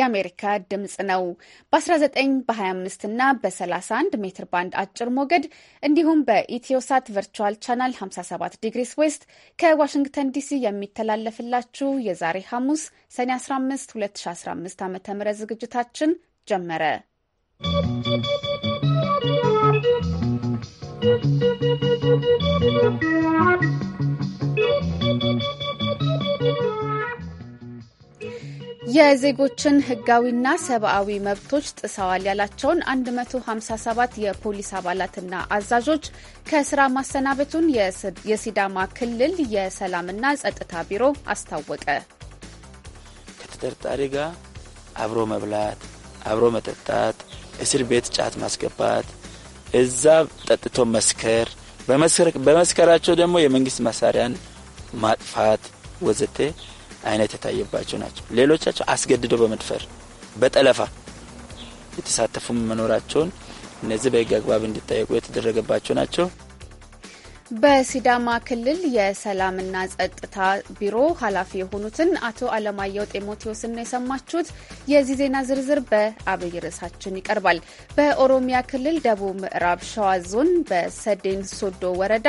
የአሜሪካ ድምፅ ነው። በ19 በ25 እና በ31 ሜትር ባንድ አጭር ሞገድ እንዲሁም በኢትዮሳት ቨርቹዋል ቻናል 57 ዲግሪስ ዌስት ከዋሽንግተን ዲሲ የሚተላለፍላችሁ የዛሬ ሐሙስ ሰኔ 15 2015 ዓ ም ዝግጅታችን ጀመረ። ¶¶ የዜጎችን ህጋዊና ሰብአዊ መብቶች ጥሰዋል ያላቸውን 157 የፖሊስ አባላትና አዛዦች ከስራ ማሰናበቱን የሲዳማ ክልል የሰላምና ጸጥታ ቢሮ አስታወቀ። ከተጠርጣሪ ጋር አብሮ መብላት፣ አብሮ መጠጣት፣ እስር ቤት ጫት ማስገባት፣ እዛ ጠጥቶ መስከር፣ በመስከራቸው ደግሞ የመንግስት መሳሪያን ማጥፋት ወዘተ አይነት የታየባቸው ናቸው። ሌሎቻቸው አስገድዶ በመድፈር በጠለፋ የተሳተፉም መኖራቸውን እነዚህ በህግ አግባብ እንዲጠየቁ የተደረገባቸው ናቸው። በሲዳማ ክልል የሰላምና ጸጥታ ቢሮ ኃላፊ የሆኑትን አቶ አለማየሁ ጢሞቴዎስን ነው የሰማችሁት። የዚህ ዜና ዝርዝር በአብይ ርዕሳችን ይቀርባል። በኦሮሚያ ክልል ደቡብ ምዕራብ ሸዋ ዞን በሰዴን ሶዶ ወረዳ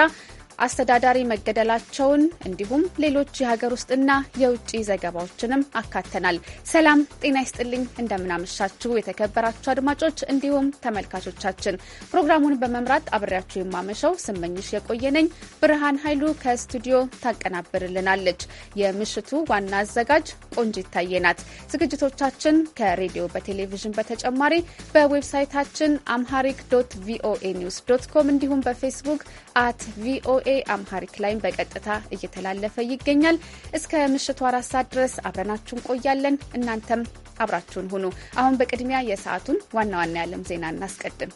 አስተዳዳሪ መገደላቸውን እንዲሁም ሌሎች የሀገር ውስጥና የውጭ ዘገባዎችንም አካተናል። ሰላም ጤና ይስጥልኝ። እንደምናመሻችሁ የተከበራችሁ አድማጮች እንዲሁም ተመልካቾቻችን ፕሮግራሙን በመምራት አብሬያችሁ የማመሸው ስመኝሽ የቆየነኝ ብርሃን ኃይሉ ከስቱዲዮ ታቀናብርልናለች። የምሽቱ ዋና አዘጋጅ ቆንጅ ይታየናት። ዝግጅቶቻችን ከሬዲዮ በቴሌቪዥን በተጨማሪ በዌብሳይታችን አምሃሪክ ዶት ቪኦኤ ኒውስ ዶት ኮም እንዲሁም በፌስቡክ አት ቪኦኤ ቪኦኤ አምሃሪክ ላይም በቀጥታ እየተላለፈ ይገኛል። እስከ ምሽቱ አራት ሰዓት ድረስ አብረናችሁን እንቆያለን። እናንተም አብራችሁን ሁኑ። አሁን በቅድሚያ የሰዓቱን ዋና ዋና የዓለም ዜና እናስቀድም።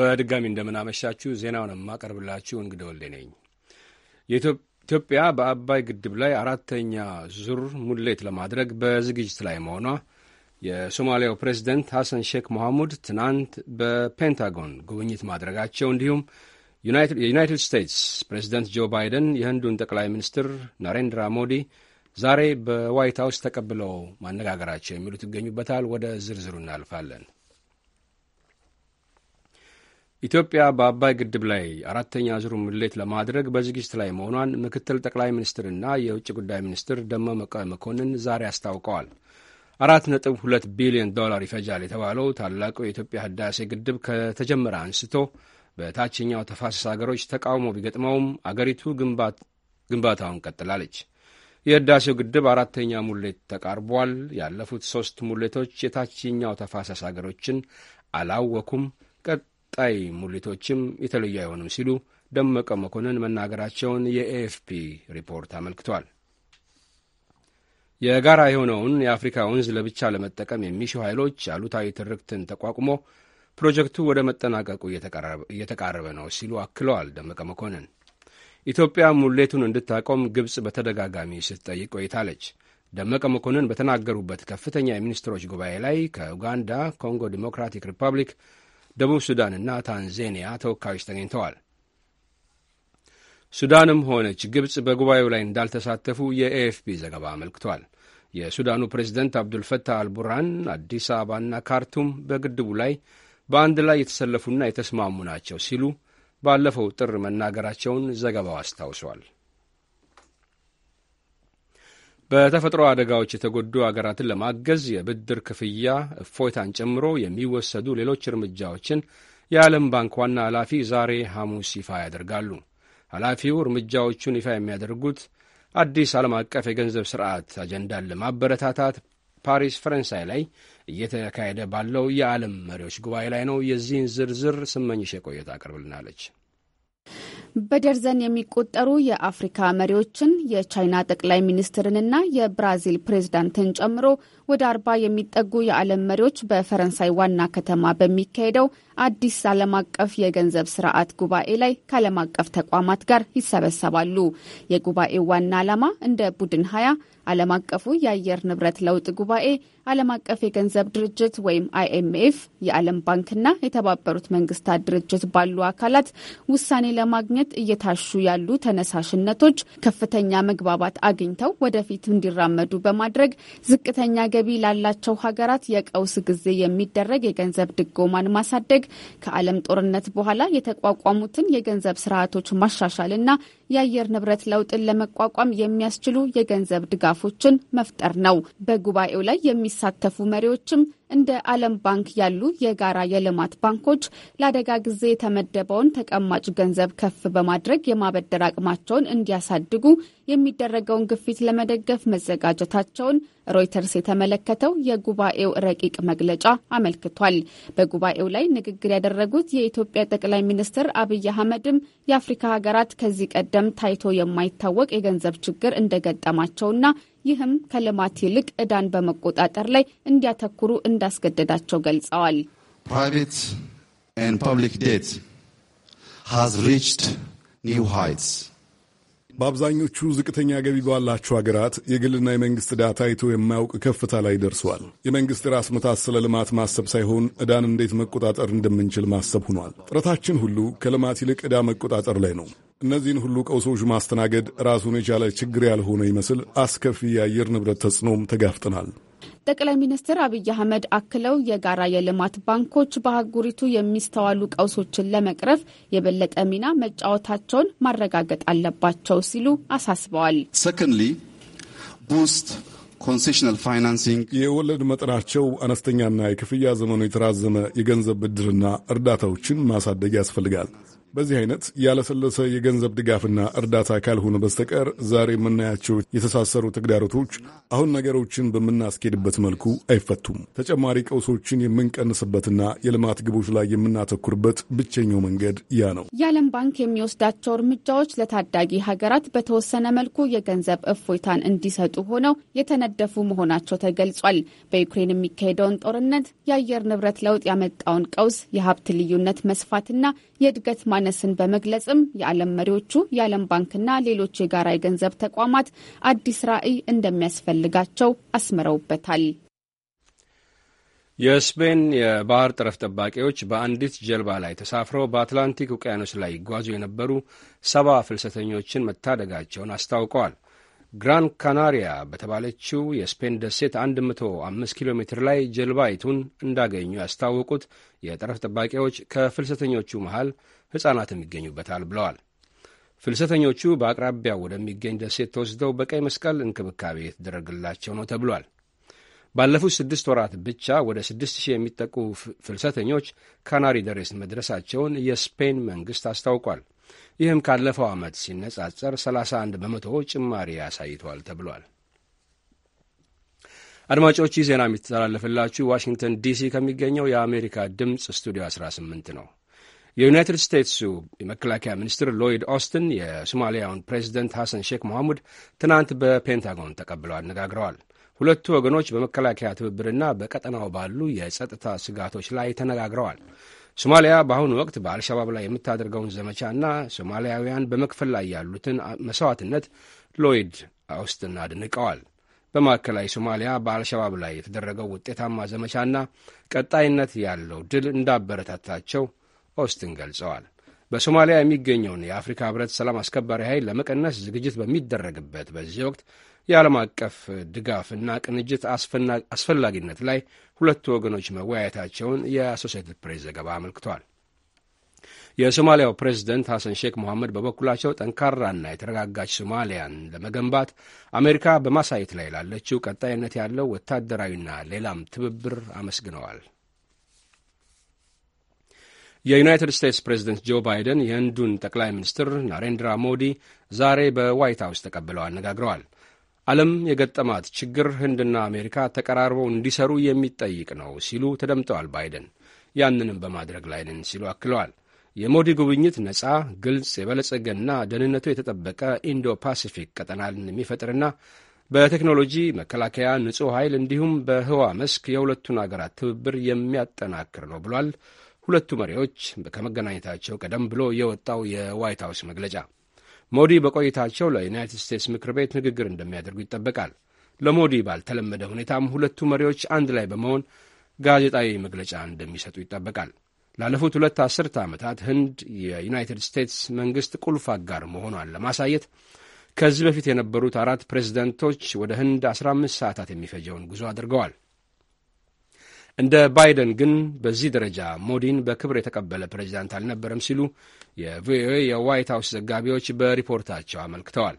በድጋሚ እንደምናመሻችሁ ዜናውን የማቀርብላችሁ እንግዳ ወልዴ ነኝ። ኢትዮጵያ በአባይ ግድብ ላይ አራተኛ ዙር ሙሌት ለማድረግ በዝግጅት ላይ መሆኗ የሶማሊያው ፕሬዝደንት ሐሰን ሼክ መሐሙድ ትናንት በፔንታጎን ጉብኝት ማድረጋቸው እንዲሁም የዩናይትድ ስቴትስ ፕሬዝደንት ጆ ባይደን የህንዱን ጠቅላይ ሚኒስትር ናሬንድራ ሞዲ ዛሬ በዋይት ሀውስ ተቀብለው ማነጋገራቸው የሚሉት ይገኙበታል። ወደ ዝርዝሩ እናልፋለን። ኢትዮጵያ በአባይ ግድብ ላይ አራተኛ ዙር ምሌት ለማድረግ በዝግጅት ላይ መሆኗን ምክትል ጠቅላይ ሚኒስትርና የውጭ ጉዳይ ሚኒስትር ደመቀ መኮንን ዛሬ አስታውቀዋል። አራት ነጥብ ሁለት ቢሊዮን ዶላር ይፈጃል የተባለው ታላቁ የኢትዮጵያ ህዳሴ ግድብ ከተጀመረ አንስቶ በታችኛው ተፋሰስ አገሮች ተቃውሞ ቢገጥመውም አገሪቱ ግንባታውን ቀጥላለች። የህዳሴው ግድብ አራተኛ ሙሌት ተቃርቧል። ያለፉት ሦስት ሙሌቶች የታችኛው ተፋሰስ አገሮችን አላወኩም፣ ቀጣይ ሙሌቶችም የተለዩ አይሆንም ሲሉ ደመቀ መኮንን መናገራቸውን የኤኤፍፒ ሪፖርት አመልክቷል። የጋራ የሆነውን የአፍሪካ ወንዝ ለብቻ ለመጠቀም የሚሹ ኃይሎች አሉታዊ ትርክትን ተቋቁሞ ፕሮጀክቱ ወደ መጠናቀቁ እየተቃረበ ነው ሲሉ አክለዋል ደመቀ መኮንን። ኢትዮጵያ ሙሌቱን እንድታቆም ግብፅ በተደጋጋሚ ስትጠይቅ ቆይታለች። ደመቀ መኮንን በተናገሩበት ከፍተኛ የሚኒስትሮች ጉባኤ ላይ ከኡጋንዳ፣ ኮንጎ ዲሞክራቲክ ሪፐብሊክ፣ ደቡብ ሱዳንና ታንዛኒያ ተወካዮች ተገኝተዋል። ሱዳንም ሆነች ግብፅ በጉባኤው ላይ እንዳልተሳተፉ የኤኤፍፒ ዘገባ አመልክቷል። የሱዳኑ ፕሬዝደንት አብዱልፈታህ አልቡርሃን አዲስ አበባና ካርቱም በግድቡ ላይ በአንድ ላይ የተሰለፉና የተስማሙ ናቸው ሲሉ ባለፈው ጥር መናገራቸውን ዘገባው አስታውሷል። በተፈጥሮ አደጋዎች የተጎዱ አገራትን ለማገዝ የብድር ክፍያ እፎይታን ጨምሮ የሚወሰዱ ሌሎች እርምጃዎችን የዓለም ባንክ ዋና ኃላፊ ዛሬ ሐሙስ ይፋ ያደርጋሉ። ኃላፊው እርምጃዎቹን ይፋ የሚያደርጉት አዲስ ዓለም አቀፍ የገንዘብ ሥርዓት አጀንዳን ለማበረታታት ፓሪስ ፈረንሳይ ላይ እየተካሄደ ባለው የዓለም መሪዎች ጉባኤ ላይ ነው። የዚህን ዝርዝር ስመኝሽ የቆየት አቅርብልናለች። በደርዘን የሚቆጠሩ የአፍሪካ መሪዎችን የቻይና ጠቅላይ ሚኒስትርንና የብራዚል ፕሬዝዳንትን ጨምሮ ወደ አርባ የሚጠጉ የዓለም መሪዎች በፈረንሳይ ዋና ከተማ በሚካሄደው አዲስ ዓለም አቀፍ የገንዘብ ስርዓት ጉባኤ ላይ ከዓለም አቀፍ ተቋማት ጋር ይሰበሰባሉ። የጉባኤው ዋና ዓላማ እንደ ቡድን ሀያ ዓለም አቀፉ የአየር ንብረት ለውጥ ጉባኤ፣ ዓለም አቀፍ የገንዘብ ድርጅት ወይም አይኤምኤፍ፣ የዓለም ባንክና የተባበሩት መንግስታት ድርጅት ባሉ አካላት ውሳኔ ለማግኘት እየታሹ ያሉ ተነሳሽነቶች ከፍተኛ መግባባት አግኝተው ወደፊት እንዲራመዱ በማድረግ ዝቅተኛ ገ ገቢ ላላቸው ሀገራት የቀውስ ጊዜ የሚደረግ የገንዘብ ድጎማን ማሳደግ፣ ከዓለም ጦርነት በኋላ የተቋቋሙትን የገንዘብ ስርዓቶች ማሻሻል እና የአየር ንብረት ለውጥን ለመቋቋም የሚያስችሉ የገንዘብ ድጋፎችን መፍጠር ነው። በጉባኤው ላይ የሚሳተፉ መሪዎችም እንደ ዓለም ባንክ ያሉ የጋራ የልማት ባንኮች ለአደጋ ጊዜ የተመደበውን ተቀማጭ ገንዘብ ከፍ በማድረግ የማበደር አቅማቸውን እንዲያሳድጉ የሚደረገውን ግፊት ለመደገፍ መዘጋጀታቸውን ሮይተርስ የተመለከተው የጉባኤው ረቂቅ መግለጫ አመልክቷል። በጉባኤው ላይ ንግግር ያደረጉት የኢትዮጵያ ጠቅላይ ሚኒስትር አብይ አህመድም የአፍሪካ ሀገራት ከዚህ ቀደም ታይቶ የማይታወቅ የገንዘብ ችግር እንደገጠማቸውና ይህም ከልማት ይልቅ እዳን በመቆጣጠር ላይ እንዲያተኩሩ እንዳስገደዳቸው ገልጸዋል። ፕራይቬት ኤንድ ፐብሊክ ዴት ሃዝ ሪችድ ኒው ሃይትስ በአብዛኞቹ ዝቅተኛ ገቢ ባላቸው ሀገራት የግልና የመንግስት ዕዳ ታይቶ የማያውቅ ከፍታ ላይ ደርሰዋል። የመንግስት ራስ ምታት ስለ ልማት ማሰብ ሳይሆን ዕዳን እንዴት መቆጣጠር እንደምንችል ማሰብ ሆኗል። ጥረታችን ሁሉ ከልማት ይልቅ ዕዳ መቆጣጠር ላይ ነው። እነዚህን ሁሉ ቀውሶች ማስተናገድ ራሱን የቻለ ችግር ያልሆነ ይመስል አስከፊ የአየር ንብረት ተጽዕኖም ተጋፍጠናል። ጠቅላይ ሚኒስትር አብይ አህመድ አክለው የጋራ የልማት ባንኮች በአህጉሪቱ የሚስተዋሉ ቀውሶችን ለመቅረፍ የበለጠ ሚና መጫወታቸውን ማረጋገጥ አለባቸው ሲሉ አሳስበዋል። ሰከንድሊ ቡስት ኮንሴሽናል ፋይናንሲንግ የወለድ መጠናቸው አነስተኛና የክፍያ ዘመኑ የተራዘመ የገንዘብ ብድርና እርዳታዎችን ማሳደግ ያስፈልጋል። በዚህ አይነት ያለሰለሰ የገንዘብ ድጋፍና እርዳታ ካልሆነ በስተቀር ዛሬ የምናያቸው የተሳሰሩ ተግዳሮቶች አሁን ነገሮችን በምናስኬድበት መልኩ አይፈቱም። ተጨማሪ ቀውሶችን የምንቀንስበትና የልማት ግቦች ላይ የምናተኩርበት ብቸኛው መንገድ ያ ነው። የዓለም ባንክ የሚወስዳቸው እርምጃዎች ለታዳጊ ሀገራት በተወሰነ መልኩ የገንዘብ እፎይታን እንዲሰጡ ሆነው የተነደፉ መሆናቸው ተገልጿል። በዩክሬን የሚካሄደውን ጦርነት፣ የአየር ንብረት ለውጥ ያመጣውን ቀውስ፣ የሀብት ልዩነት መስፋትና የእድገት ማ ማነስን በመግለጽም የዓለም መሪዎቹ የዓለም ባንክና ሌሎች የጋራ የገንዘብ ተቋማት አዲስ ራዕይ እንደሚያስፈልጋቸው አስምረውበታል። የስፔን የባህር ጠረፍ ጠባቂዎች በአንዲት ጀልባ ላይ ተሳፍረው በአትላንቲክ ውቅያኖስ ላይ ይጓዙ የነበሩ ሰባ ፍልሰተኞችን መታደጋቸውን አስታውቀዋል። ግራን ካናሪያ በተባለችው የስፔን ደሴት 105 ኪሎ ሜትር ላይ ጀልባይቱን እንዳገኙ ያስታወቁት የጠረፍ ጠባቂዎች ከፍልሰተኞቹ መሃል ሕፃናትም ይገኙበታል ብለዋል። ፍልሰተኞቹ በአቅራቢያው ወደሚገኝ ደሴት ተወስደው በቀይ መስቀል እንክብካቤ የተደረገላቸው ነው ተብሏል። ባለፉት ስድስት ወራት ብቻ ወደ ስድስት ሺህ የሚጠቁ ፍልሰተኞች ካናሪ ደሬስ መድረሳቸውን የስፔን መንግሥት አስታውቋል። ይህም ካለፈው ዓመት ሲነጻጸር 31 በመቶ ጭማሪ አሳይቷል ተብሏል። አድማጮች ይህ ዜና የሚተላለፍላችሁ ዋሽንግተን ዲሲ ከሚገኘው የአሜሪካ ድምፅ ስቱዲዮ 18 ነው። የዩናይትድ ስቴትሱ የመከላከያ ሚኒስትር ሎይድ ኦስትን የሶማሊያውን ፕሬዚደንት ሐሰን ሼክ መሐሙድ ትናንት በፔንታጎን ተቀብለው አነጋግረዋል። ሁለቱ ወገኖች በመከላከያ ትብብርና በቀጠናው ባሉ የጸጥታ ስጋቶች ላይ ተነጋግረዋል። ሶማሊያ በአሁኑ ወቅት በአልሸባብ ላይ የምታደርገውን ዘመቻና ሶማሊያውያን በመክፈል ላይ ያሉትን መስዋዕትነት ሎይድ ኦስትን አድንቀዋል። በማዕከላዊ ሶማሊያ በአልሸባብ ላይ የተደረገው ውጤታማ ዘመቻና ቀጣይነት ያለው ድል እንዳበረታታቸው ኦስትን ገልጸዋል። በሶማሊያ የሚገኘውን የአፍሪካ ህብረት ሰላም አስከባሪ ኃይል ለመቀነስ ዝግጅት በሚደረግበት በዚህ ወቅት የዓለም አቀፍ ድጋፍና ቅንጅት አስፈላጊነት ላይ ሁለቱ ወገኖች መወያየታቸውን የአሶሴትድ ፕሬስ ዘገባ አመልክቷል። የሶማሊያው ፕሬዝደንት ሐሰን ሼክ መሐመድ በበኩላቸው ጠንካራና የተረጋጋች ሶማሊያን ለመገንባት አሜሪካ በማሳየት ላይ ላለችው ቀጣይነት ያለው ወታደራዊና ሌላም ትብብር አመስግነዋል። የዩናይትድ ስቴትስ ፕሬዚደንት ጆ ባይደን የህንዱን ጠቅላይ ሚኒስትር ናሬንድራ ሞዲ ዛሬ በዋይት ሀውስ ተቀብለው አነጋግረዋል። ዓለም የገጠማት ችግር ህንድና አሜሪካ ተቀራርበው እንዲሰሩ የሚጠይቅ ነው ሲሉ ተደምጠዋል። ባይደን ያንንም በማድረግ ላይ ነን ሲሉ አክለዋል። የሞዲ ጉብኝት ነጻ፣ ግልጽ፣ የበለጸገና ደህንነቱ የተጠበቀ ኢንዶ ፓሲፊክ ቀጠናን የሚፈጥርና በቴክኖሎጂ መከላከያ፣ ንጹሕ ኃይል እንዲሁም በህዋ መስክ የሁለቱን አገራት ትብብር የሚያጠናክር ነው ብሏል። ሁለቱ መሪዎች ከመገናኘታቸው ቀደም ብሎ የወጣው የዋይት ሀውስ መግለጫ። ሞዲ በቆይታቸው ለዩናይትድ ስቴትስ ምክር ቤት ንግግር እንደሚያደርጉ ይጠበቃል። ለሞዲ ባልተለመደ ሁኔታም ሁለቱ መሪዎች አንድ ላይ በመሆን ጋዜጣዊ መግለጫ እንደሚሰጡ ይጠበቃል። ላለፉት ሁለት አስርተ ዓመታት ህንድ የዩናይትድ ስቴትስ መንግሥት ቁልፍ አጋር መሆኗን ለማሳየት ከዚህ በፊት የነበሩት አራት ፕሬዚደንቶች ወደ ህንድ 15 ሰዓታት የሚፈጀውን ጉዞ አድርገዋል። እንደ ባይደን ግን በዚህ ደረጃ ሞዲን በክብር የተቀበለ ፕሬዚዳንት አልነበረም ሲሉ የቪኦኤ የዋይት ሀውስ ዘጋቢዎች በሪፖርታቸው አመልክተዋል።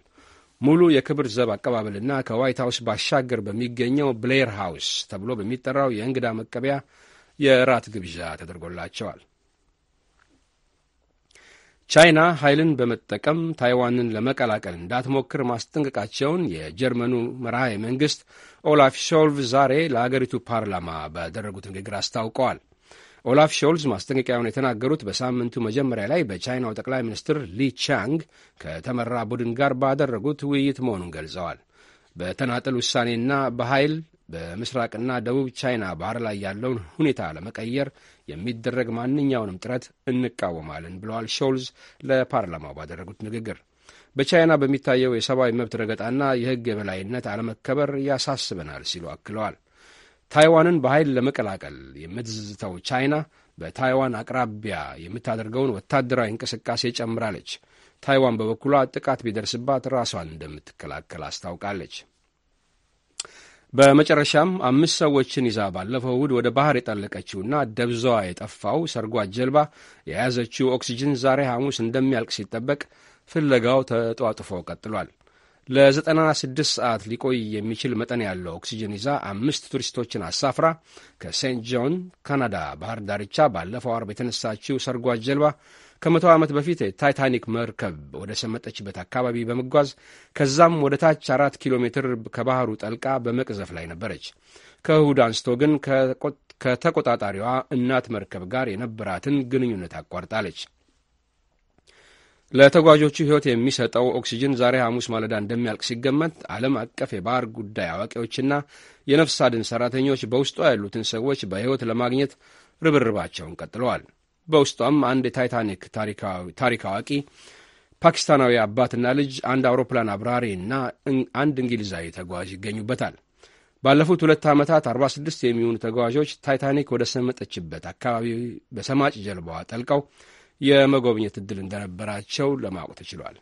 ሙሉ የክብር ዘብ አቀባበልና ከዋይት ሀውስ ባሻገር በሚገኘው ብሌር ሃውስ ተብሎ በሚጠራው የእንግዳ መቀበያ የራት ግብዣ ተደርጎላቸዋል። ቻይና ኃይልን በመጠቀም ታይዋንን ለመቀላቀል እንዳትሞክር ማስጠንቀቃቸውን የጀርመኑ መርሃዊ መንግሥት ኦላፍ ሾልቭ ዛሬ ለአገሪቱ ፓርላማ ባደረጉት ንግግር አስታውቀዋል። ኦላፍ ሾልዝ ማስጠንቀቂያውን የተናገሩት በሳምንቱ መጀመሪያ ላይ በቻይናው ጠቅላይ ሚኒስትር ሊ ቻንግ ከተመራ ቡድን ጋር ባደረጉት ውይይት መሆኑን ገልጸዋል። በተናጠል ውሳኔና በኃይል በምስራቅና ደቡብ ቻይና ባህር ላይ ያለውን ሁኔታ ለመቀየር የሚደረግ ማንኛውንም ጥረት እንቃወማለን ብለዋል ሾልዝ ለፓርላማው ባደረጉት ንግግር። በቻይና በሚታየው የሰብአዊ መብት ረገጣና የሕግ የበላይነት አለመከበር ያሳስበናል ሲሉ አክለዋል። ታይዋንን በኃይል ለመቀላቀል የምትዝተው ቻይና በታይዋን አቅራቢያ የምታደርገውን ወታደራዊ እንቅስቃሴ ጨምራለች። ታይዋን በበኩሏ ጥቃት ቢደርስባት ራሷን እንደምትከላከል አስታውቃለች። በመጨረሻም አምስት ሰዎችን ይዛ ባለፈው እሁድ ወደ ባህር የጠለቀችውና ደብዛዋ የጠፋው ሰርጓጅ ጀልባ የያዘችው ኦክሲጅን ዛሬ ሐሙስ እንደሚያልቅ ሲጠበቅ ፍለጋው ተጧጥፎ ቀጥሏል። ለ96 ሰዓት ሊቆይ የሚችል መጠን ያለው ኦክሲጅን ይዛ አምስት ቱሪስቶችን አሳፍራ ከሴንት ጆን ካናዳ ባህር ዳርቻ ባለፈው አርብ የተነሳችው ሰርጓጅ ጀልባ ከመቶ ዓመት በፊት ታይታኒክ መርከብ ወደ ሰመጠችበት አካባቢ በመጓዝ ከዛም ወደ ታች አራት ኪሎ ሜትር ከባህሩ ጠልቃ በመቅዘፍ ላይ ነበረች። ከእሁድ አንስቶ ግን ከተቆጣጣሪዋ እናት መርከብ ጋር የነበራትን ግንኙነት አቋርጣለች። ለተጓዦቹ ሕይወት የሚሰጠው ኦክሲጅን ዛሬ ሐሙስ ማለዳ እንደሚያልቅ ሲገመት ዓለም አቀፍ የባህር ጉዳይ አዋቂዎችና የነፍስ አድን ሠራተኞች በውስጧ ያሉትን ሰዎች በሕይወት ለማግኘት ርብርባቸውን ቀጥለዋል። በውስጧም አንድ የታይታኒክ ታሪክ አዋቂ፣ ፓኪስታናዊ አባትና ልጅ፣ አንድ አውሮፕላን አብራሪ እና አንድ እንግሊዛዊ ተጓዥ ይገኙበታል። ባለፉት ሁለት ዓመታት 46 የሚሆኑ ተጓዦች ታይታኒክ ወደ ሰመጠችበት አካባቢ በሰማጭ ጀልባዋ ጠልቀው የመጎብኘት እድል እንደነበራቸው ለማወቅ ተችሏል።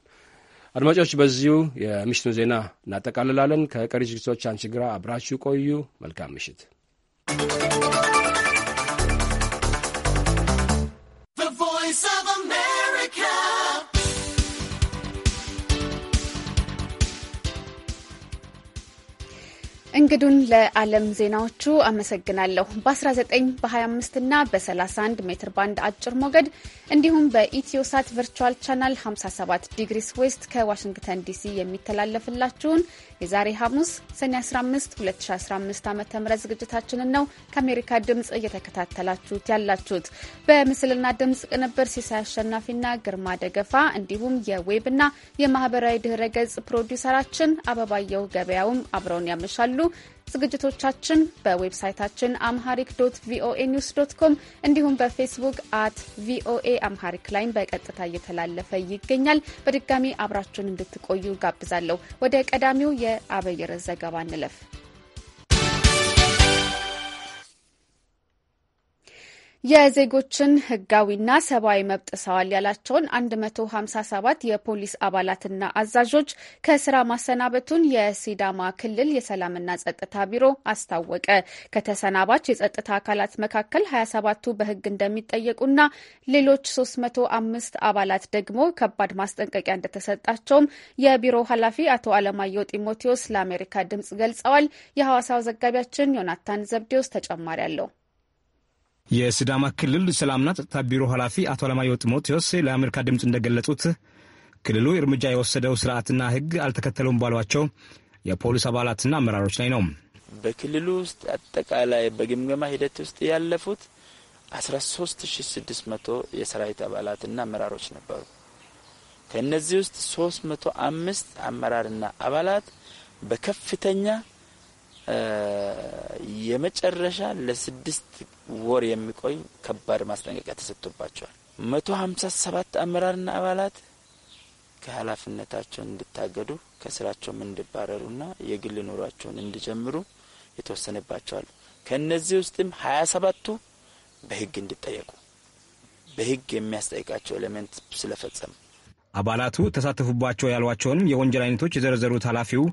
አድማጮች፣ በዚሁ የምሽቱን ዜና እናጠቃልላለን። ከቀሪ ዝግጅቶች አንቺ ግራ አብራችሁ ቆዩ። መልካም ምሽት። እንግዱን ለዓለም ዜናዎቹ አመሰግናለሁ። በ19 በ25 እና በ31 ሜትር ባንድ አጭር ሞገድ እንዲሁም በኢትዮሳት ቨርቹዋል ቻናል 57 ዲግሪስ ዌስት ከዋሽንግተን ዲሲ የሚተላለፍላችሁን የዛሬ ሐሙስ ሰኔ 15 2015 ዓ ም ዝግጅታችንን ነው ከአሜሪካ ድምፅ እየተከታተላችሁት ያላችሁት። በምስልና ድምፅ ቅንብር ሲሳይ አሸናፊና ግርማ ደገፋ እንዲሁም የዌብና የማህበራዊ ድህረ ገጽ ፕሮዲውሰራችን አበባየው ገበያውም አብረውን ያመሻሉ። ይችላሉ። ዝግጅቶቻችን በዌብሳይታችን አምሃሪክ ዶት ቪኦኤ ኒውስ ዶት ኮም እንዲሁም በፌስቡክ አት ቪኦኤ አምሃሪክ ላይም በቀጥታ እየተላለፈ ይገኛል። በድጋሚ አብራችሁን እንድትቆዩ ጋብዛለሁ። ወደ ቀዳሚው የአበየረ ዘገባ እንለፍ። የዜጎችን ህጋዊና ሰብአዊ መብት ጥሰዋል ያላቸውን 157 የፖሊስ አባላትና አዛዦች ከስራ ማሰናበቱን የሲዳማ ክልል የሰላምና ጸጥታ ቢሮ አስታወቀ። ከተሰናባች የጸጥታ አካላት መካከል 27ቱ በህግ እንደሚጠየቁና ሌሎች 305 አባላት ደግሞ ከባድ ማስጠንቀቂያ እንደተሰጣቸውም የቢሮው ኃላፊ አቶ አለማየሁ ጢሞቴዎስ ለአሜሪካ ድምጽ ገልጸዋል። የሐዋሳው ዘጋቢያችን ዮናታን ዘብዴዎስ ተጨማሪ አለው። የስዳማ ክልል ሰላምና ጸጥታ ቢሮ ኃላፊ አቶ አለማየሁ ጢሞቴዎስ ለአሜሪካ ድምፅ እንደገለጹት ክልሉ እርምጃ የወሰደው ስርዓትና ሕግ አልተከተሉም ባሏቸው የፖሊስ አባላትና አመራሮች ላይ ነው። በክልሉ ውስጥ አጠቃላይ በግምገማ ሂደት ውስጥ ያለፉት 13600 የሰራዊት አባላትና አመራሮች ነበሩ። ከእነዚህ ውስጥ 305 አመራርና አባላት በከፍተኛ የመጨረሻ ለስድስት ወር የሚቆይ ከባድ ማስጠንቀቂያ ተሰጥቶባቸዋል። መቶ ሀምሳ ሰባት አመራርና አባላት ከኃላፊነታቸው እንዲታገዱ ከስራቸውም እንዲባረሩና የግል ኑሯቸውን እንዲጀምሩ የተወሰነባቸዋል። ከእነዚህ ውስጥም ሀያ ሰባቱ በህግ እንዲጠየቁ በህግ የሚያስጠይቃቸው ኤሌመንት ስለፈጸሙ አባላቱ ተሳተፉባቸው ያሏቸውንም የወንጀል አይነቶች የዘረዘሩት ኃላፊው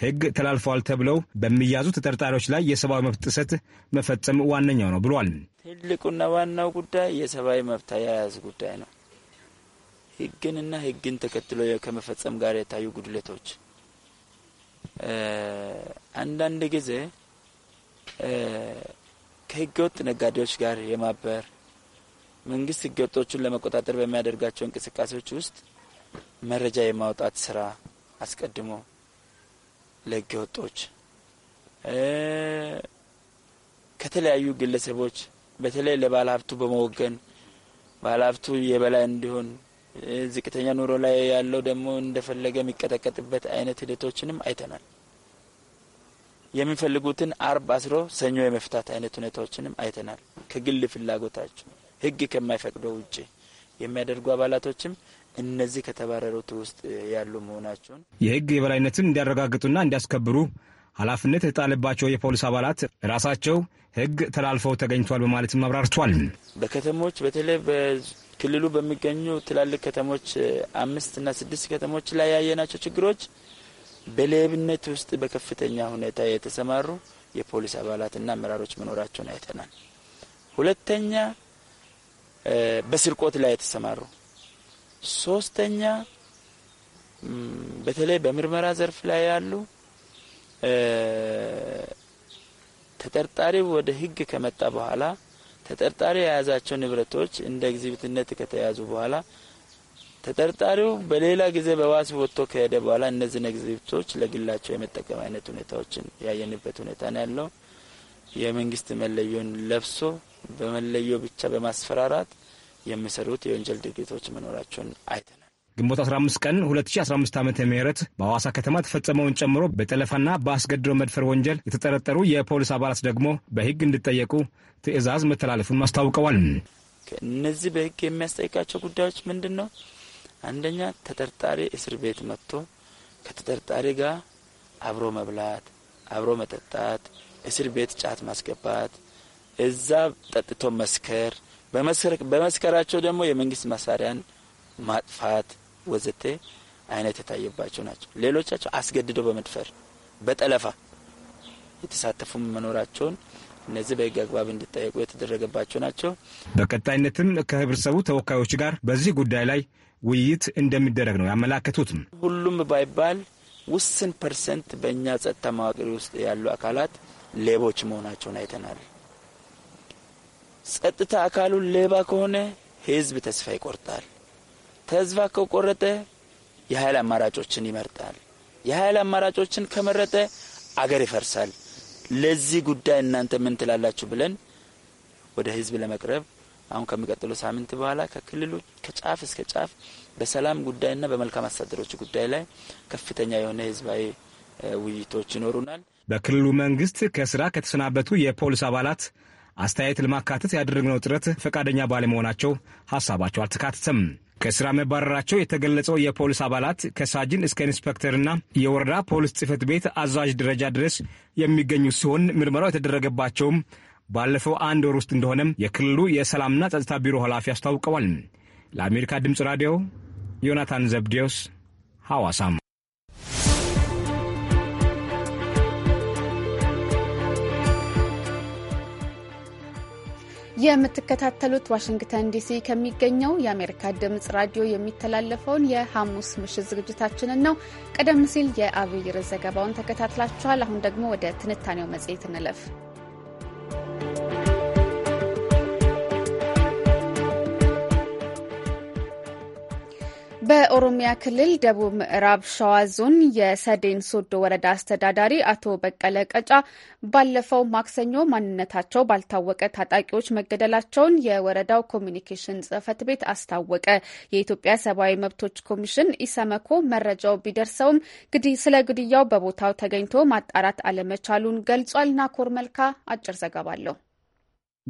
ሕግ ተላልፈዋል ተብለው በሚያዙ ተጠርጣሪዎች ላይ የሰብአዊ መብት ጥሰት መፈጸም ዋነኛው ነው ብሏል። ትልቁና ዋናው ጉዳይ የሰብአዊ መብት አያያዝ ጉዳይ ነው። ሕግንና ሕግን ተከትሎ ከመፈጸም ጋር የታዩ ጉድለቶች አንዳንድ ጊዜ ከህገወጥ ነጋዴዎች ጋር የማበር መንግስት ህገወጦቹን ለመቆጣጠር በሚያደርጋቸው እንቅስቃሴዎች ውስጥ መረጃ የማውጣት ስራ አስቀድሞ ለህገ ወጦች ከተለያዩ ግለሰቦች በተለይ ለባለሀብቱ በመወገን ባለሀብቱ የበላይ እንዲሆን ዝቅተኛ ኑሮ ላይ ያለው ደግሞ እንደፈለገ የሚቀጠቀጥበት አይነት ሂደቶችንም አይተናል። የሚፈልጉትን አርብ አስሮ ሰኞ የመፍታት አይነት ሁኔታዎችንም አይተናል። ከግል ፍላጎታቸው ህግ ከማይፈቅደው ውጭ የሚያደርጉ አባላቶችም እነዚህ ከተባረሩት ውስጥ ያሉ መሆናቸውን የህግ የበላይነትን እንዲያረጋግጡና እንዲያስከብሩ ኃላፊነት የተጣለባቸው የፖሊስ አባላት ራሳቸው ህግ ተላልፈው ተገኝቷል በማለትም አብራርቷል። በከተሞች በተለይ በክልሉ በሚገኙ ትላልቅ ከተሞች አምስት እና ስድስት ከተሞች ላይ ያየናቸው ችግሮች በሌብነት ውስጥ በከፍተኛ ሁኔታ የተሰማሩ የፖሊስ አባላትና አመራሮች መኖራቸውን አይተናል። ሁለተኛ በስርቆት ላይ የተሰማሩ ሶስተኛ በተለይ በምርመራ ዘርፍ ላይ ያሉ ተጠርጣሪው ወደ ህግ ከመጣ በኋላ ተጠርጣሪ የያዛቸው ንብረቶች እንደ ግዝብትነት ከተያዙ በኋላ ተጠርጣሪው በሌላ ጊዜ በዋስ ወጥቶ ከሄደ በኋላ እነዚህ ንግዝብቶች ለግላቸው የመጠቀም አይነት ሁኔታዎችን ያየንበት ሁኔታ ነው ያለው። የመንግስት መለዮን ለብሶ በመለዮ ብቻ በማስፈራራት የሚሰሩት የወንጀል ድርጊቶች መኖራቸውን አይተናል። ግንቦት 15 ቀን 2015 ዓ ም በሐዋሳ ከተማ ተፈጸመውን ጨምሮ በጠለፋና በአስገድዶ መድፈር ወንጀል የተጠረጠሩ የፖሊስ አባላት ደግሞ በሕግ እንዲጠየቁ ትዕዛዝ መተላለፉን አስታውቀዋል። እነዚህ በሕግ የሚያስጠይቃቸው ጉዳዮች ምንድን ነው? አንደኛ ተጠርጣሪ እስር ቤት መጥቶ ከተጠርጣሪ ጋር አብሮ መብላት፣ አብሮ መጠጣት፣ እስር ቤት ጫት ማስገባት፣ እዛ ጠጥቶ መስከር በመስከራቸው ደግሞ የመንግስት መሳሪያን ማጥፋት ወዘቴ አይነት የታየባቸው ናቸው። ሌሎቻቸው አስገድዶ በመድፈር በጠለፋ የተሳተፉ መኖራቸውን እነዚህ በህግ አግባብ እንዲጠየቁ የተደረገባቸው ናቸው። በቀጣይነትም ከህብረተሰቡ ተወካዮች ጋር በዚህ ጉዳይ ላይ ውይይት እንደሚደረግ ነው ያመላከቱትም። ሁሉም ባይባል ውስን ፐርሰንት በእኛ ጸጥታ መዋቅር ውስጥ ያሉ አካላት ሌቦች መሆናቸውን አይተናል። ጸጥታ አካሉን ሌባ ከሆነ ህዝብ ተስፋ ይቆርጣል። ተስፋ ከቆረጠ የኃይል አማራጮችን ይመርጣል። የኃይል አማራጮችን ከመረጠ አገር ይፈርሳል። ለዚህ ጉዳይ እናንተ ምን ትላላችሁ ብለን ወደ ህዝብ ለመቅረብ አሁን ከሚቀጥለው ሳምንት በኋላ ከክልሉ ከጫፍ እስከ ጫፍ በሰላም ጉዳይና በመልካም አስተዳደሮች ጉዳይ ላይ ከፍተኛ የሆነ ህዝባዊ ውይይቶች ይኖሩናል። በክልሉ መንግስት ከስራ ከተሰናበቱ የፖሊስ አባላት አስተያየት ለማካተት ያደረግነው ጥረት ፈቃደኛ ባለመሆናቸው ሀሳባቸው አልተካተተም። ከስራ መባረራቸው የተገለጸው የፖሊስ አባላት ከሳጅን እስከ ኢንስፔክተርና የወረዳ ፖሊስ ጽህፈት ቤት አዛዥ ደረጃ ድረስ የሚገኙ ሲሆን ምርመራው የተደረገባቸውም ባለፈው አንድ ወር ውስጥ እንደሆነም የክልሉ የሰላምና ጸጥታ ቢሮ ኃላፊ አስታውቀዋል። ለአሜሪካ ድምፅ ራዲዮ ዮናታን ዘብዴዎስ ሐዋሳም የምትከታተሉት ዋሽንግተን ዲሲ ከሚገኘው የአሜሪካ ድምፅ ራዲዮ የሚተላለፈውን የሐሙስ ምሽት ዝግጅታችንን ነው። ቀደም ሲል የአብይር ዘገባውን ተከታትላችኋል። አሁን ደግሞ ወደ ትንታኔው መጽሔት እንለፍ። በኦሮሚያ ክልል ደቡብ ምዕራብ ሸዋ ዞን የሰዴን ሶዶ ወረዳ አስተዳዳሪ አቶ በቀለ ቀጫ ባለፈው ማክሰኞ ማንነታቸው ባልታወቀ ታጣቂዎች መገደላቸውን የወረዳው ኮሚኒኬሽን ጽህፈት ቤት አስታወቀ። የኢትዮጵያ ሰብአዊ መብቶች ኮሚሽን ኢሰመኮ መረጃው ቢደርሰውም ስለ ግድያው በቦታው ተገኝቶ ማጣራት አለመቻሉን ገልጿል። ናኮር መልካ አጭር ዘገባ አለው።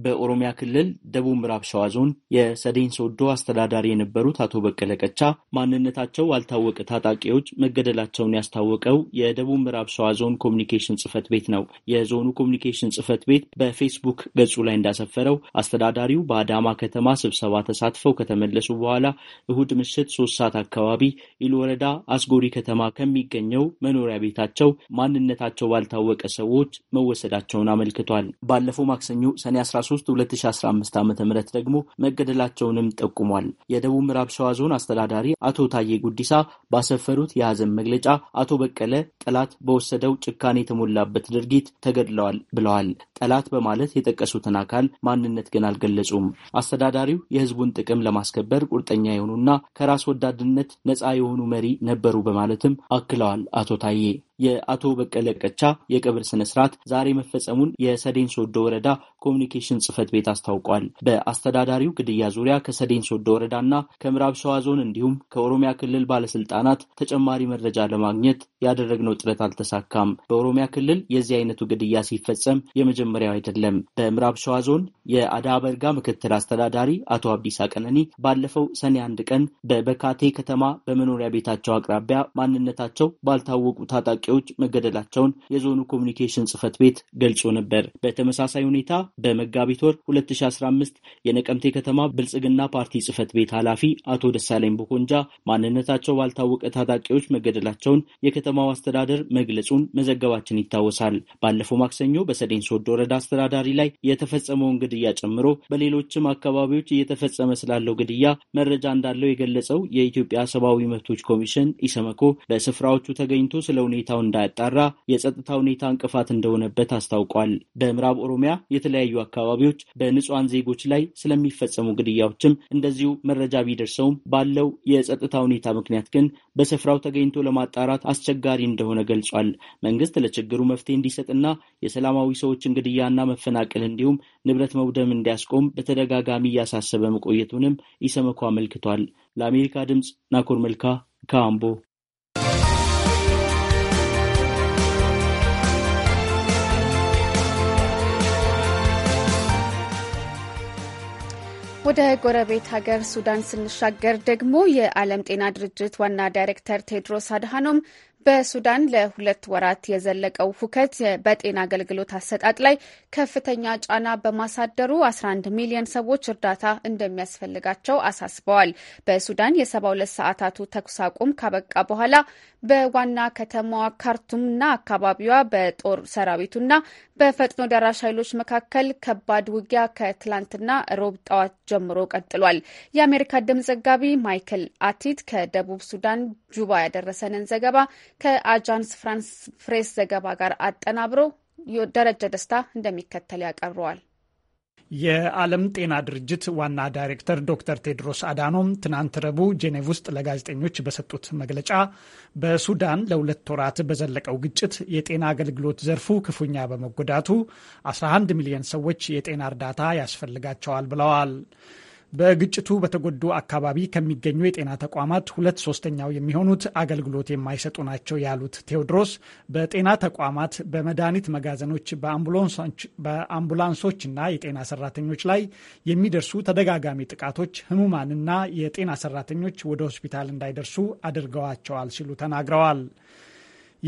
በኦሮሚያ ክልል ደቡብ ምዕራብ ሸዋ ዞን የሰዴን ሶዶ አስተዳዳሪ የነበሩት አቶ በቀለ ቀቻ ማንነታቸው ያልታወቀ ታጣቂዎች መገደላቸውን ያስታወቀው የደቡብ ምዕራብ ሸዋ ዞን ኮሚኒኬሽን ጽህፈት ቤት ነው። የዞኑ ኮሚኒኬሽን ጽፈት ቤት በፌስቡክ ገጹ ላይ እንዳሰፈረው አስተዳዳሪው በአዳማ ከተማ ስብሰባ ተሳትፈው ከተመለሱ በኋላ እሁድ ምሽት ሶስት ሰዓት አካባቢ ኢሉ ወረዳ አስጎሪ ከተማ ከሚገኘው መኖሪያ ቤታቸው ማንነታቸው ባልታወቀ ሰዎች መወሰዳቸውን አመልክቷል። ባለፈው ማክሰኞ ሰኔ 13 2015 ዓ ም ደግሞ መገደላቸውንም ጠቁሟል። የደቡብ ምዕራብ ሸዋ ዞን አስተዳዳሪ አቶ ታዬ ጉዲሳ ባሰፈሩት የሐዘን መግለጫ አቶ በቀለ ጠላት በወሰደው ጭካኔ የተሞላበት ድርጊት ተገድለዋል ብለዋል። ጠላት በማለት የጠቀሱትን አካል ማንነት ግን አልገለጹም። አስተዳዳሪው የህዝቡን ጥቅም ለማስከበር ቁርጠኛ የሆኑና ከራስ ወዳድነት ነፃ የሆኑ መሪ ነበሩ በማለትም አክለዋል አቶ ታዬ የአቶ በቀለ ቀቻ የቀብር ስነ ስርዓት ዛሬ መፈጸሙን የሰዴን ሶዶ ወረዳ ኮሚኒኬሽን ጽህፈት ቤት አስታውቋል። በአስተዳዳሪው ግድያ ዙሪያ ከሰዴን ሶዶ ወረዳና ከምዕራብ ሸዋ ዞን እንዲሁም ከኦሮሚያ ክልል ባለስልጣናት ተጨማሪ መረጃ ለማግኘት ያደረግነው ጥረት አልተሳካም። በኦሮሚያ ክልል የዚህ አይነቱ ግድያ ሲፈጸም የመጀመሪያው አይደለም። በምዕራብ ሸዋ ዞን የአዳ በርጋ ምክትል አስተዳዳሪ አቶ አብዲሳ ቀነኒ ባለፈው ሰኔ አንድ ቀን በበካቴ ከተማ በመኖሪያ ቤታቸው አቅራቢያ ማንነታቸው ባልታወቁ ታጣቂ ታጣቂዎች መገደላቸውን የዞኑ ኮሚኒኬሽን ጽፈት ቤት ገልጾ ነበር። በተመሳሳይ ሁኔታ በመጋቢት ወር 2015 የነቀምቴ ከተማ ብልጽግና ፓርቲ ጽህፈት ቤት ኃላፊ አቶ ደሳለኝ ቦኮንጃ ማንነታቸው ባልታወቀ ታጣቂዎች መገደላቸውን የከተማው አስተዳደር መግለጹን መዘገባችን ይታወሳል። ባለፈው ማክሰኞ በሰዴን ሶዶ ወረዳ አስተዳዳሪ ላይ የተፈጸመውን ግድያ ጨምሮ በሌሎችም አካባቢዎች እየተፈጸመ ስላለው ግድያ መረጃ እንዳለው የገለጸው የኢትዮጵያ ሰብአዊ መብቶች ኮሚሽን ኢሰመኮ በስፍራዎቹ ተገኝቶ ስለ ሁኔታ ሁኔታው እንዳያጣራ የጸጥታ ሁኔታ እንቅፋት እንደሆነበት አስታውቋል። በምዕራብ ኦሮሚያ የተለያዩ አካባቢዎች በንጹሐን ዜጎች ላይ ስለሚፈጸሙ ግድያዎችም እንደዚሁ መረጃ ቢደርሰውም ባለው የጸጥታ ሁኔታ ምክንያት ግን በስፍራው ተገኝቶ ለማጣራት አስቸጋሪ እንደሆነ ገልጿል። መንግስት ለችግሩ መፍትሄ እንዲሰጥና የሰላማዊ ሰዎችን ግድያና መፈናቀል እንዲሁም ንብረት መውደም እንዲያስቆም በተደጋጋሚ እያሳሰበ መቆየቱንም ኢሰመኮ አመልክቷል። ለአሜሪካ ድምፅ ናኮር መልካ ከአምቦ ወደ ጎረቤት ሀገር ሱዳን ስንሻገር ደግሞ የዓለም ጤና ድርጅት ዋና ዳይሬክተር ቴድሮስ አድሃኖም በሱዳን ለሁለት ወራት የዘለቀው ሁከት በጤና አገልግሎት አሰጣጥ ላይ ከፍተኛ ጫና በማሳደሩ 11 ሚሊዮን ሰዎች እርዳታ እንደሚያስፈልጋቸው አሳስበዋል። በሱዳን የ72 ሰዓታቱ ተኩስ አቁም ካበቃ በኋላ በዋና ከተማዋ ካርቱምና አካባቢዋ በጦር ሰራዊቱና በፈጥኖ ደራሽ ኃይሎች መካከል ከባድ ውጊያ ከትላንትና ሮብ ጠዋት ጀምሮ ቀጥሏል። የአሜሪካ ድምፅ ዘጋቢ ማይክል አቲት ከደቡብ ሱዳን ጁባ ያደረሰንን ዘገባ ከአጃንስ ፍራንስ ፕሬስ ዘገባ ጋር አጠናብሮ ደረጀ ደስታ እንደሚከተል ያቀርበዋል። የዓለም ጤና ድርጅት ዋና ዳይሬክተር ዶክተር ቴድሮስ አዳኖም ትናንት ረቡዕ ጄኔቭ ውስጥ ለጋዜጠኞች በሰጡት መግለጫ በሱዳን ለሁለት ወራት በዘለቀው ግጭት የጤና አገልግሎት ዘርፉ ክፉኛ በመጎዳቱ 11 ሚሊዮን ሰዎች የጤና እርዳታ ያስፈልጋቸዋል ብለዋል። በግጭቱ በተጎዱ አካባቢ ከሚገኙ የጤና ተቋማት ሁለት ሶስተኛው የሚሆኑት አገልግሎት የማይሰጡ ናቸው ያሉት ቴዎድሮስ በጤና ተቋማት፣ በመድኃኒት መጋዘኖች፣ በአምቡላንሶች እና የጤና ሰራተኞች ላይ የሚደርሱ ተደጋጋሚ ጥቃቶች ህሙማንና የጤና ሰራተኞች ወደ ሆስፒታል እንዳይደርሱ አድርገዋቸዋል ሲሉ ተናግረዋል።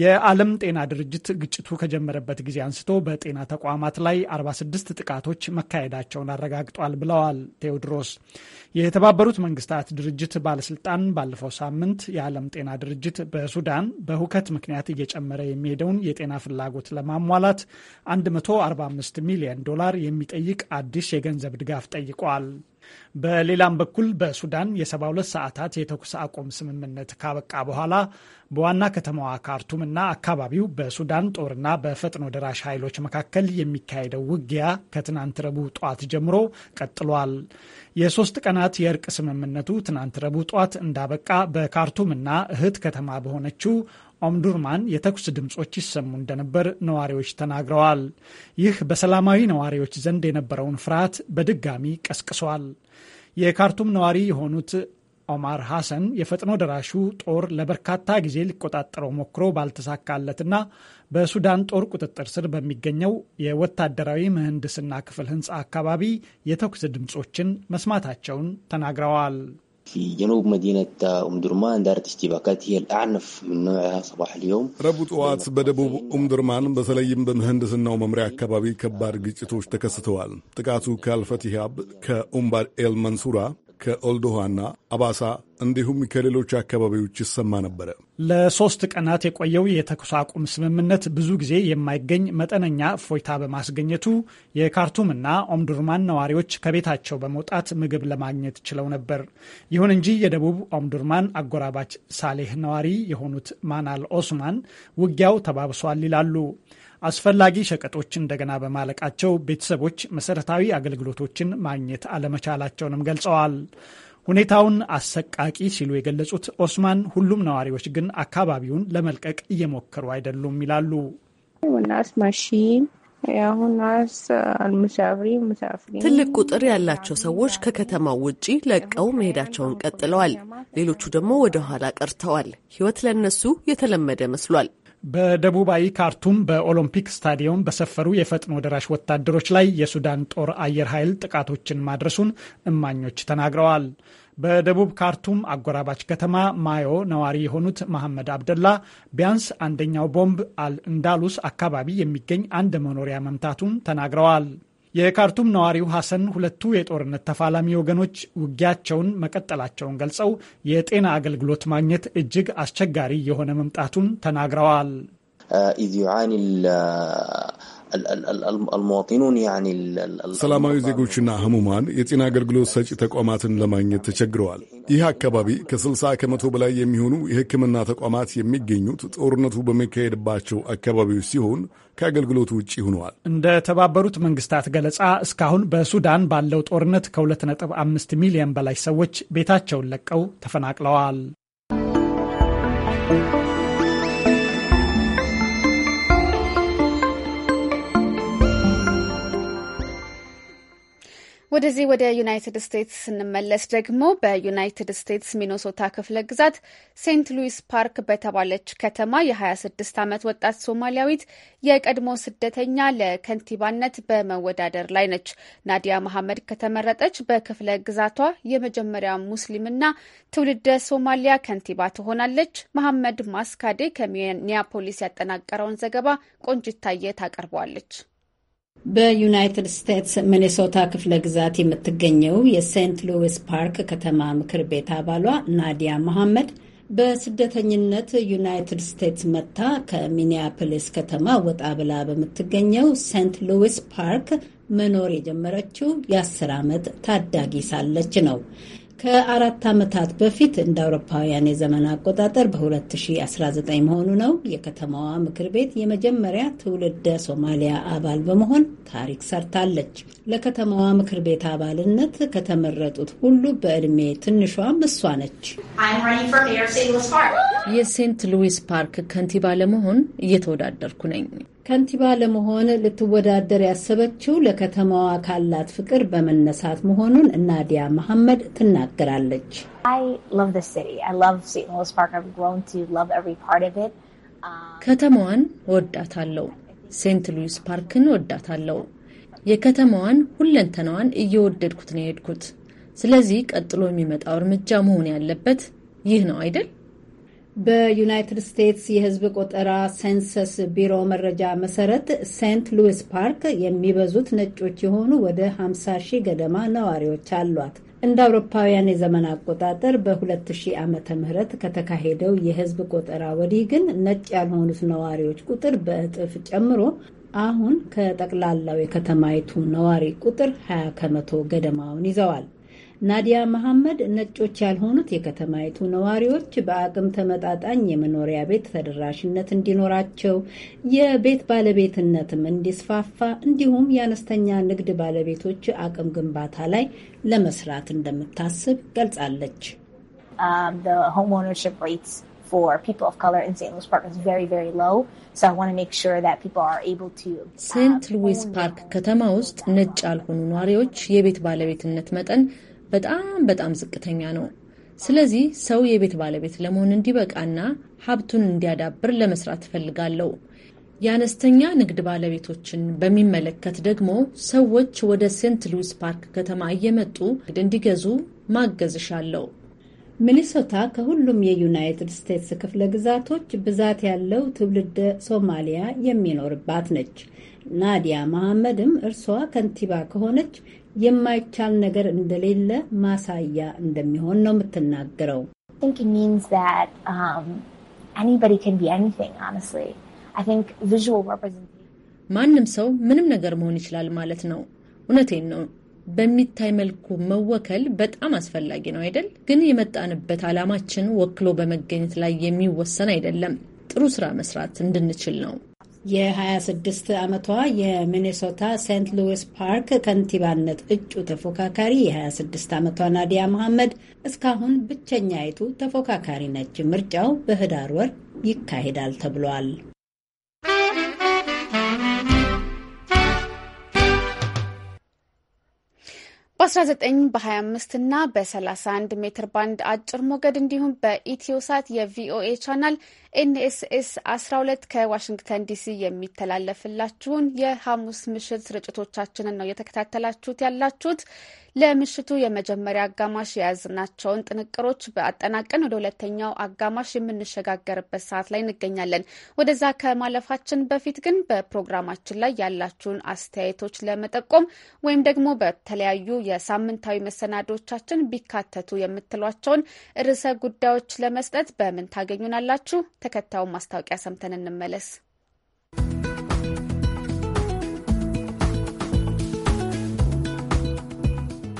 የዓለም ጤና ድርጅት ግጭቱ ከጀመረበት ጊዜ አንስቶ በጤና ተቋማት ላይ 46 ጥቃቶች መካሄዳቸውን አረጋግጧል ብለዋል ቴዎድሮስ። የተባበሩት መንግስታት ድርጅት ባለስልጣን ባለፈው ሳምንት የዓለም ጤና ድርጅት በሱዳን በሁከት ምክንያት እየጨመረ የሚሄደውን የጤና ፍላጎት ለማሟላት 145 ሚሊዮን ዶላር የሚጠይቅ አዲስ የገንዘብ ድጋፍ ጠይቋል። በሌላም በኩል በሱዳን የ72 ሰዓታት የተኩስ አቁም ስምምነት ካበቃ በኋላ በዋና ከተማዋ ካርቱም እና አካባቢው በሱዳን ጦርና በፈጥኖ ደራሽ ኃይሎች መካከል የሚካሄደው ውጊያ ከትናንት ረቡዕ ጠዋት ጀምሮ ቀጥሏል። የሶስት ቀናት የእርቅ ስምምነቱ ትናንት ረቡዕ ጠዋት እንዳበቃ በካርቱም እና እህት ከተማ በሆነችው ኦምዱርማን የተኩስ ድምጾች ይሰሙ እንደነበር ነዋሪዎች ተናግረዋል። ይህ በሰላማዊ ነዋሪዎች ዘንድ የነበረውን ፍርሃት በድጋሚ ቀስቅሷል። የካርቱም ነዋሪ የሆኑት ኦማር ሐሰን የፈጥኖ ደራሹ ጦር ለበርካታ ጊዜ ሊቆጣጠረው ሞክሮ ባልተሳካለትና በሱዳን ጦር ቁጥጥር ስር በሚገኘው የወታደራዊ ምህንድስና ክፍል ህንፃ አካባቢ የተኩስ ድምጾችን መስማታቸውን ተናግረዋል። في جنوب مدينة أم درمان دارت اشتباكات هي الأعنف من نوعها صباح اليوم ረቡጥዋት በደቡብ ኡም ድርማን በተለይም በምህንድስናው መምሪያ አካባቢ ከባድ ግጭቶች ተከስተዋል። ጥቃቱ ከአልፈትሃብ ከኡምባድ ኤል መንሱራ ከኦልዶሃና አባሳ እንዲሁም ከሌሎች አካባቢዎች ይሰማ ነበረ። ለሶስት ቀናት የቆየው የተኩስ አቁም ስምምነት ብዙ ጊዜ የማይገኝ መጠነኛ እፎይታ በማስገኘቱ የካርቱምና ኦምዱርማን ነዋሪዎች ከቤታቸው በመውጣት ምግብ ለማግኘት ችለው ነበር። ይሁን እንጂ የደቡብ ኦምዱርማን አጎራባች ሳሌህ ነዋሪ የሆኑት ማናል ኦስማን ውጊያው ተባብሷል ይላሉ። አስፈላጊ ሸቀጦች እንደገና በማለቃቸው ቤተሰቦች መሰረታዊ አገልግሎቶችን ማግኘት አለመቻላቸውንም ገልጸዋል። ሁኔታውን አሰቃቂ ሲሉ የገለጹት ኦስማን ሁሉም ነዋሪዎች ግን አካባቢውን ለመልቀቅ እየሞከሩ አይደሉም ይላሉ። ትልቅ ቁጥር ያላቸው ሰዎች ከከተማው ውጪ ለቀው መሄዳቸውን ቀጥለዋል። ሌሎቹ ደግሞ ወደ ኋላ ቀርተዋል። ሕይወት ለነሱ የተለመደ መስሏል። በደቡባዊ ካርቱም በኦሎምፒክ ስታዲየም በሰፈሩ የፈጥኖ ደራሽ ወታደሮች ላይ የሱዳን ጦር አየር ኃይል ጥቃቶችን ማድረሱን እማኞች ተናግረዋል። በደቡብ ካርቱም አጎራባች ከተማ ማዮ ነዋሪ የሆኑት መሐመድ አብደላ ቢያንስ አንደኛው ቦምብ አል እንዳሉስ አካባቢ የሚገኝ አንድ መኖሪያ መምታቱን ተናግረዋል። የካርቱም ነዋሪው ሐሰን ሁለቱ የጦርነት ተፋላሚ ወገኖች ውጊያቸውን መቀጠላቸውን ገልጸው የጤና አገልግሎት ማግኘት እጅግ አስቸጋሪ የሆነ መምጣቱን ተናግረዋል። المواطنون يعني ሰላማዊ ዜጎችና ህሙማን የጤና አገልግሎት ሰጪ ተቋማትን ለማግኘት ተቸግረዋል። ይህ አካባቢ ከ60 ከመቶ በላይ የሚሆኑ የህክምና ተቋማት የሚገኙት ጦርነቱ በሚካሄድባቸው አካባቢዎች ሲሆን ከአገልግሎቱ ውጭ ሆነዋል። እንደ ተባበሩት መንግስታት ገለጻ እስካሁን በሱዳን ባለው ጦርነት ከ2.5 ሚሊዮን በላይ ሰዎች ቤታቸውን ለቀው ተፈናቅለዋል። ወደዚህ ወደ ዩናይትድ ስቴትስ ስንመለስ ደግሞ በዩናይትድ ስቴትስ ሚኖሶታ ክፍለ ግዛት ሴንት ሉዊስ ፓርክ በተባለች ከተማ የ26 ዓመት ወጣት ሶማሊያዊት የቀድሞ ስደተኛ ለከንቲባነት በመወዳደር ላይ ነች። ናዲያ መሐመድ ከተመረጠች በክፍለ ግዛቷ የመጀመሪያ ሙስሊምና ትውልደ ሶማሊያ ከንቲባ ትሆናለች። መሐመድ ማስካዴ ከሚኒያፖሊስ ያጠናቀረውን ዘገባ ቆንጅታየ ታቀርበዋለች። በዩናይትድ ስቴትስ ሚኔሶታ ክፍለ ግዛት የምትገኘው የሴንት ሉዊስ ፓርክ ከተማ ምክር ቤት አባሏ ናዲያ መሐመድ በስደተኝነት ዩናይትድ ስቴትስ መጥታ ከሚኒያፖሊስ ከተማ ወጣ ብላ በምትገኘው ሴንት ሉዊስ ፓርክ መኖር የጀመረችው የአስር ዓመት ታዳጊ ሳለች ነው። ከአራት ዓመታት በፊት እንደ አውሮፓውያን የዘመን አቆጣጠር በ2019 መሆኑ ነው። የከተማዋ ምክር ቤት የመጀመሪያ ትውልደ ሶማሊያ አባል በመሆን ታሪክ ሰርታለች። ለከተማዋ ምክር ቤት አባልነት ከተመረጡት ሁሉ በዕድሜ ትንሿም እሷ ነች። የሴንት ሉዊስ ፓርክ ከንቲባ ለመሆን እየተወዳደርኩ ነኝ። ከንቲባ ለመሆን ልትወዳደር ያሰበችው ለከተማዋ ካላት ፍቅር በመነሳት መሆኑን ናዲያ መሐመድ ትናገራለች። ከተማዋን ወዳታለው። ሴንት ሉዊስ ፓርክን ወዳታለው። የከተማዋን ሁለንተናዋን እየወደድኩት ነው የሄድኩት። ስለዚህ ቀጥሎ የሚመጣው እርምጃ መሆን ያለበት ይህ ነው አይደል? በዩናይትድ ስቴትስ የሕዝብ ቆጠራ ሴንሰስ ቢሮ መረጃ መሰረት ሴንት ሉዊስ ፓርክ የሚበዙት ነጮች የሆኑ ወደ 50 ሺህ ገደማ ነዋሪዎች አሏት። እንደ አውሮፓውያን የዘመን አቆጣጠር በ2000 ዓመተ ምህረት ከተካሄደው የሕዝብ ቆጠራ ወዲህ ግን ነጭ ያልሆኑት ነዋሪዎች ቁጥር በእጥፍ ጨምሮ አሁን ከጠቅላላው የከተማይቱ ነዋሪ ቁጥር 20 ከመቶ ገደማውን ይዘዋል። ናዲያ መሐመድ ነጮች ያልሆኑት የከተማይቱ ነዋሪዎች በአቅም ተመጣጣኝ የመኖሪያ ቤት ተደራሽነት እንዲኖራቸው፣ የቤት ባለቤትነትም እንዲስፋፋ እንዲሁም የአነስተኛ ንግድ ባለቤቶች አቅም ግንባታ ላይ ለመስራት እንደምታስብ ገልጻለች። ሴንት ሉዊስ ፓርክ ከተማ ውስጥ ነጭ ያልሆኑ ነዋሪዎች የቤት ባለቤትነት መጠን በጣም በጣም ዝቅተኛ ነው። ስለዚህ ሰው የቤት ባለቤት ለመሆን እንዲበቃና ሀብቱን እንዲያዳብር ለመስራት እፈልጋለሁ። የአነስተኛ ንግድ ባለቤቶችን በሚመለከት ደግሞ ሰዎች ወደ ሴንት ሉዊስ ፓርክ ከተማ እየመጡ እንዲገዙ ማገዝሻለሁ። ሚኒሶታ ከሁሉም የዩናይትድ ስቴትስ ክፍለ ግዛቶች ብዛት ያለው ትውልደ ሶማሊያ የሚኖርባት ነች። ናዲያ መሐመድም እርሷ ከንቲባ ከሆነች የማይቻል ነገር እንደሌለ ማሳያ እንደሚሆን ነው የምትናገረው። um, ማንም ሰው ምንም ነገር መሆን ይችላል ማለት ነው። እውነቴን ነው። በሚታይ መልኩ መወከል በጣም አስፈላጊ ነው አይደል? ግን የመጣንበት ዓላማችን ወክሎ በመገኘት ላይ የሚወሰን አይደለም። ጥሩ ስራ መስራት እንድንችል ነው። የ26 ዓመቷ የሚኔሶታ ሴንት ሉዊስ ፓርክ ከንቲባነት እጩ ተፎካካሪ የ26 ዓመቷ ናዲያ መሐመድ እስካሁን ብቸኛይቱ ተፎካካሪ ነች። ምርጫው በህዳር ወር ይካሄዳል ተብሏል። በ19 በ25 እና በ31 ሜትር ባንድ አጭር ሞገድ እንዲሁም በኢትዮ ሳት የቪኦኤ ቻናል ኤንኤስኤስ 12 ከዋሽንግተን ዲሲ የሚተላለፍላችሁን የሐሙስ ምሽት ስርጭቶቻችንን ነው እየተከታተላችሁት ያላችሁት። ለምሽቱ የመጀመሪያ አጋማሽ የያዝናቸውን ጥንቅሮች በአጠናቀን ወደ ሁለተኛው አጋማሽ የምንሸጋገርበት ሰዓት ላይ እንገኛለን። ወደዛ ከማለፋችን በፊት ግን በፕሮግራማችን ላይ ያላችሁን አስተያየቶች ለመጠቆም ወይም ደግሞ በተለያዩ የሳምንታዊ መሰናዶቻችን ቢካተቱ የምትሏቸውን ርዕሰ ጉዳዮች ለመስጠት በምን ታገኙናላችሁ? ተከታዩን ማስታወቂያ ሰምተን እንመለስ።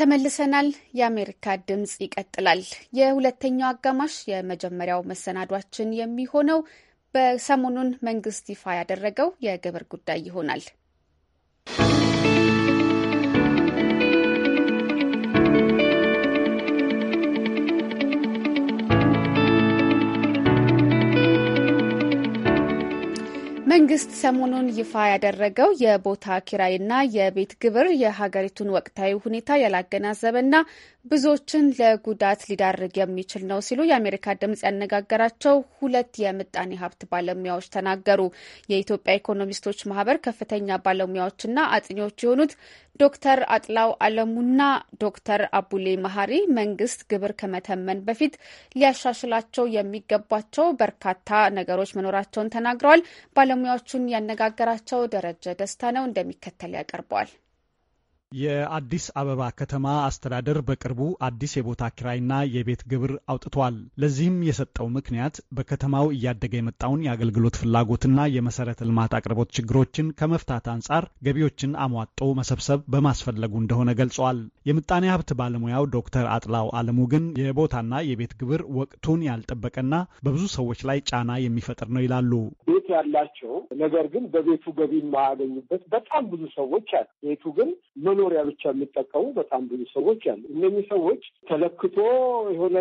ተመልሰናል። የአሜሪካ ድምፅ ይቀጥላል። የሁለተኛው አጋማሽ የመጀመሪያው መሰናዷችን የሚሆነው በሰሞኑን መንግስት ይፋ ያደረገው የግብር ጉዳይ ይሆናል። መንግስት ሰሞኑን ይፋ ያደረገው የቦታ ኪራይና የቤት ግብር የሀገሪቱን ወቅታዊ ሁኔታ ያላገናዘበና ብዙዎችን ለጉዳት ሊዳርግ የሚችል ነው ሲሉ የአሜሪካ ድምጽ ያነጋገራቸው ሁለት የምጣኔ ሀብት ባለሙያዎች ተናገሩ። የኢትዮጵያ ኢኮኖሚስቶች ማህበር ከፍተኛ ባለሙያዎችና አጥኚዎች የሆኑት ዶክተር አጥላው አለሙና ዶክተር አቡሌ መሀሪ መንግስት ግብር ከመተመን በፊት ሊያሻሽላቸው የሚገባቸው በርካታ ነገሮች መኖራቸውን ተናግረዋል። ባለሙያዎቹን ያነጋገራቸው ደረጀ ደስታ ነው፣ እንደሚከተል ያቀርበዋል። የአዲስ አበባ ከተማ አስተዳደር በቅርቡ አዲስ የቦታ ኪራይና የቤት ግብር አውጥቷል። ለዚህም የሰጠው ምክንያት በከተማው እያደገ የመጣውን የአገልግሎት ፍላጎትና የመሰረተ ልማት አቅርቦት ችግሮችን ከመፍታት አንጻር ገቢዎችን አሟጦ መሰብሰብ በማስፈለጉ እንደሆነ ገልጿል። የምጣኔ ሀብት ባለሙያው ዶክተር አጥላው አለሙ ግን የቦታና የቤት ግብር ወቅቱን ያልጠበቀና በብዙ ሰዎች ላይ ጫና የሚፈጥር ነው ይላሉ። ቤት ያላቸው ነገር ግን በቤቱ ገቢ የማያገኙበት በጣም ብዙ ሰዎች አሉ። ቤቱ ግን መኖሪያ ብቻ የሚጠቀሙ በጣም ብዙ ሰዎች አሉ። እነኚህ ሰዎች ተለክቶ የሆነ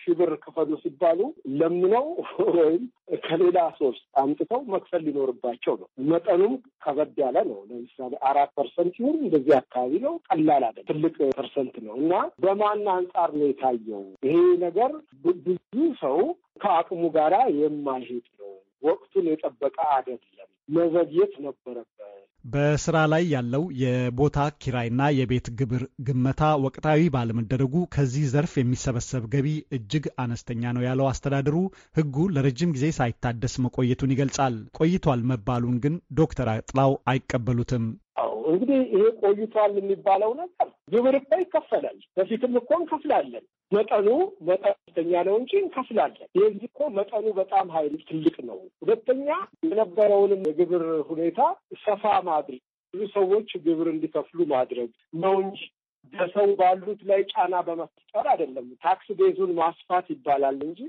ሺህ ብር ክፈሉ ሲባሉ ለምነው ወይም ከሌላ ሶርስ አምጥተው መክፈል ሊኖርባቸው ነው። መጠኑም ከበድ ያለ ነው። ለምሳሌ አራት ፐርሰንት ይሁን እንደዚህ አካባቢ ነው። ቀላል አይደለም፣ ትልቅ ፐርሰንት ነው እና በማን አንጻር ነው የታየው ይሄ ነገር? ብዙ ሰው ከአቅሙ ጋራ የማይሄድ ነው። ወቅቱን የጠበቀ አይደለም። መዘግየት ነበረበት። በስራ ላይ ያለው የቦታ ኪራይና የቤት ግብር ግመታ ወቅታዊ ባለመደረጉ ከዚህ ዘርፍ የሚሰበሰብ ገቢ እጅግ አነስተኛ ነው ያለው አስተዳደሩ ሕጉ ለረጅም ጊዜ ሳይታደስ መቆየቱን ይገልጻል። ቆይቷል መባሉን ግን ዶክተር አጥላው አይቀበሉትም። እንግዲህ ይሄ ቆይቷል የሚባለው ነገር ግብር እኮ ይከፈላል። በፊትም እኮ እንከፍላለን። መጠኑ መጠነኛ ነው እንጂ እንከፍላለን። የዚህ እኮ መጠኑ በጣም ኃይል ትልቅ ነው። ሁለተኛ የነበረውንም የግብር ሁኔታ ሰፋ ማድረግ ብዙ ሰዎች ግብር እንዲከፍሉ ማድረግ ነው እንጂ በሰው ባሉት ላይ ጫና በመፍጠር አይደለም። ታክስ ቤዙን ማስፋት ይባላል እንጂ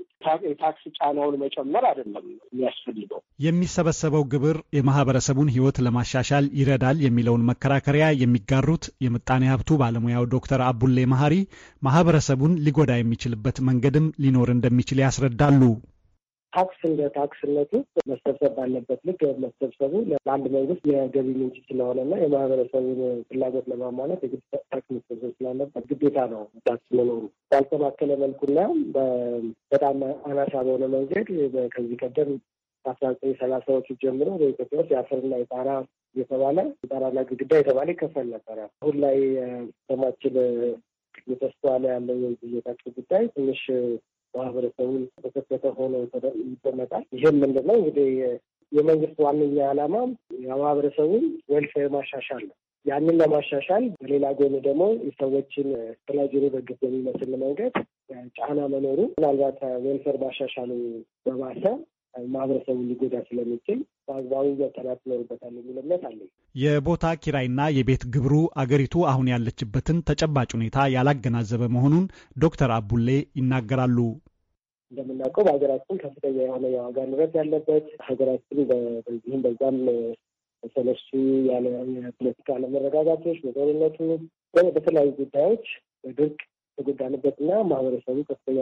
የታክስ ጫናውን መጨመር አይደለም የሚያስፈልገው። የሚሰበሰበው ግብር የማህበረሰቡን ሕይወት ለማሻሻል ይረዳል የሚለውን መከራከሪያ የሚጋሩት የምጣኔ ሀብቱ ባለሙያው ዶክተር አቡሌ መሀሪ ማህበረሰቡን ሊጎዳ የሚችልበት መንገድም ሊኖር እንደሚችል ያስረዳሉ። ታክስ እንደ ታክስነቱ መሰብሰብ ባለበት ልክ መሰብሰቡ ለአንድ መንግስት የገቢ ምንጭ ስለሆነ ስለሆነና የማህበረሰቡን ፍላጎት ለማሟላት የግድ ታክስ መሰብሰብ ስላለበት ግዴታ ነው። ታክስ መኖሩ ባልተማከለ መልኩና በጣም አናሳ በሆነ መንገድ ከዚህ ቀደም አስራ ዘጠኝ ሰላሳዎቹ ጀምሮ በኢትዮጵያ ውስጥ የአፈርና የጣራ የተባለ የጣራና ግድግዳ የተባለ ይከፈል ነበረ። አሁን ላይ ሰማችን የተስተዋለ ያለው የታክስ ጉዳይ ትንሽ ማህበረሰቡን በከፈተ ሆኖ ይደመጣል። ይህም ምንድነው እንግዲህ የመንግስት ዋነኛ ዓላማ የማህበረሰቡን ዌልፌር ማሻሻል ነው። ያንን ለማሻሻል በሌላ ጎን ደግሞ የሰዎችን ፍላጎት በግፍ በሚመስል መንገድ ጫና መኖሩ ምናልባት ዌልፌር ማሻሻሉ በባሰ ማህበረሰቡን ሊጎዳ ስለሚችል በአግባቡ መጠናት ይኖርበታል የሚል እምነት አለኝ። የቦታ ኪራይና የቤት ግብሩ አገሪቱ አሁን ያለችበትን ተጨባጭ ሁኔታ ያላገናዘበ መሆኑን ዶክተር አቡሌ ይናገራሉ። እንደምናውቀው በሀገራችን ከፍተኛ የሆነ የዋጋ ንረት ያለበት ሀገራችን በዚህም በዛም ሰለሱ ያለ የፖለቲካ አለመረጋጋቶች በጦርነቱ በተለያዩ ጉዳዮች በድርቅ ተጎዳንበት እና ማህበረሰቡ ከፍተኛ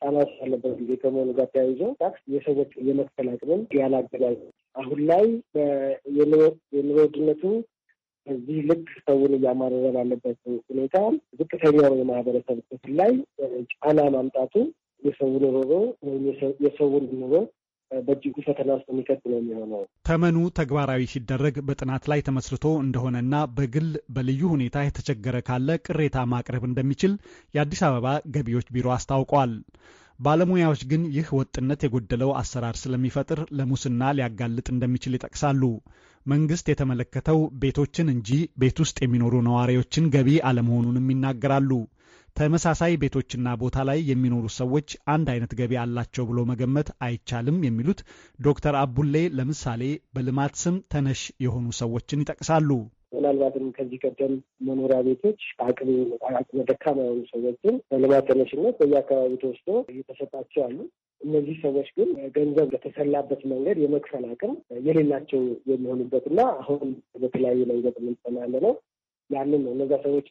ጫናዎች ያለበት ጊዜ ከመሆኑ ጋር ተያይዞ ታክስ የሰዎች የመክፈል አቅምም ያላገላል። አሁን ላይ የኑሮ ውድነቱ እዚህ ልክ ሰውን እያማረረ ባለበት ሁኔታ ዝቅተኛው የማህበረሰብ ክፍል ላይ ጫና ማምጣቱ የሰውን ኑሮ ወይም የሰውን ኑሮ በእጅጉ ፈተና የሚከት ነው የሚሆነው። ተመኑ ተግባራዊ ሲደረግ በጥናት ላይ ተመስርቶ እንደሆነና በግል በልዩ ሁኔታ የተቸገረ ካለ ቅሬታ ማቅረብ እንደሚችል የአዲስ አበባ ገቢዎች ቢሮ አስታውቋል። ባለሙያዎች ግን ይህ ወጥነት የጎደለው አሰራር ስለሚፈጥር ለሙስና ሊያጋልጥ እንደሚችል ይጠቅሳሉ። መንግስት የተመለከተው ቤቶችን እንጂ ቤት ውስጥ የሚኖሩ ነዋሪዎችን ገቢ አለመሆኑንም ይናገራሉ። ተመሳሳይ ቤቶችና ቦታ ላይ የሚኖሩ ሰዎች አንድ አይነት ገቢ አላቸው ብሎ መገመት አይቻልም የሚሉት ዶክተር አቡሌ ለምሳሌ በልማት ስም ተነሽ የሆኑ ሰዎችን ይጠቅሳሉ። ምናልባትም ከዚህ ቀደም መኖሪያ ቤቶች አቅም ደካማ የሆኑ ሰዎችን በልማት ተነሽነት በየአካባቢ ተወስዶ እየተሰጣቸው አሉ። እነዚህ ሰዎች ግን ገንዘብ በተሰላበት መንገድ የመክፈል አቅም የሌላቸው የሚሆኑበት እና አሁን በተለያዩ መንገድ የምንጠናለ ነው ያንን ነው እነዛ ሰዎች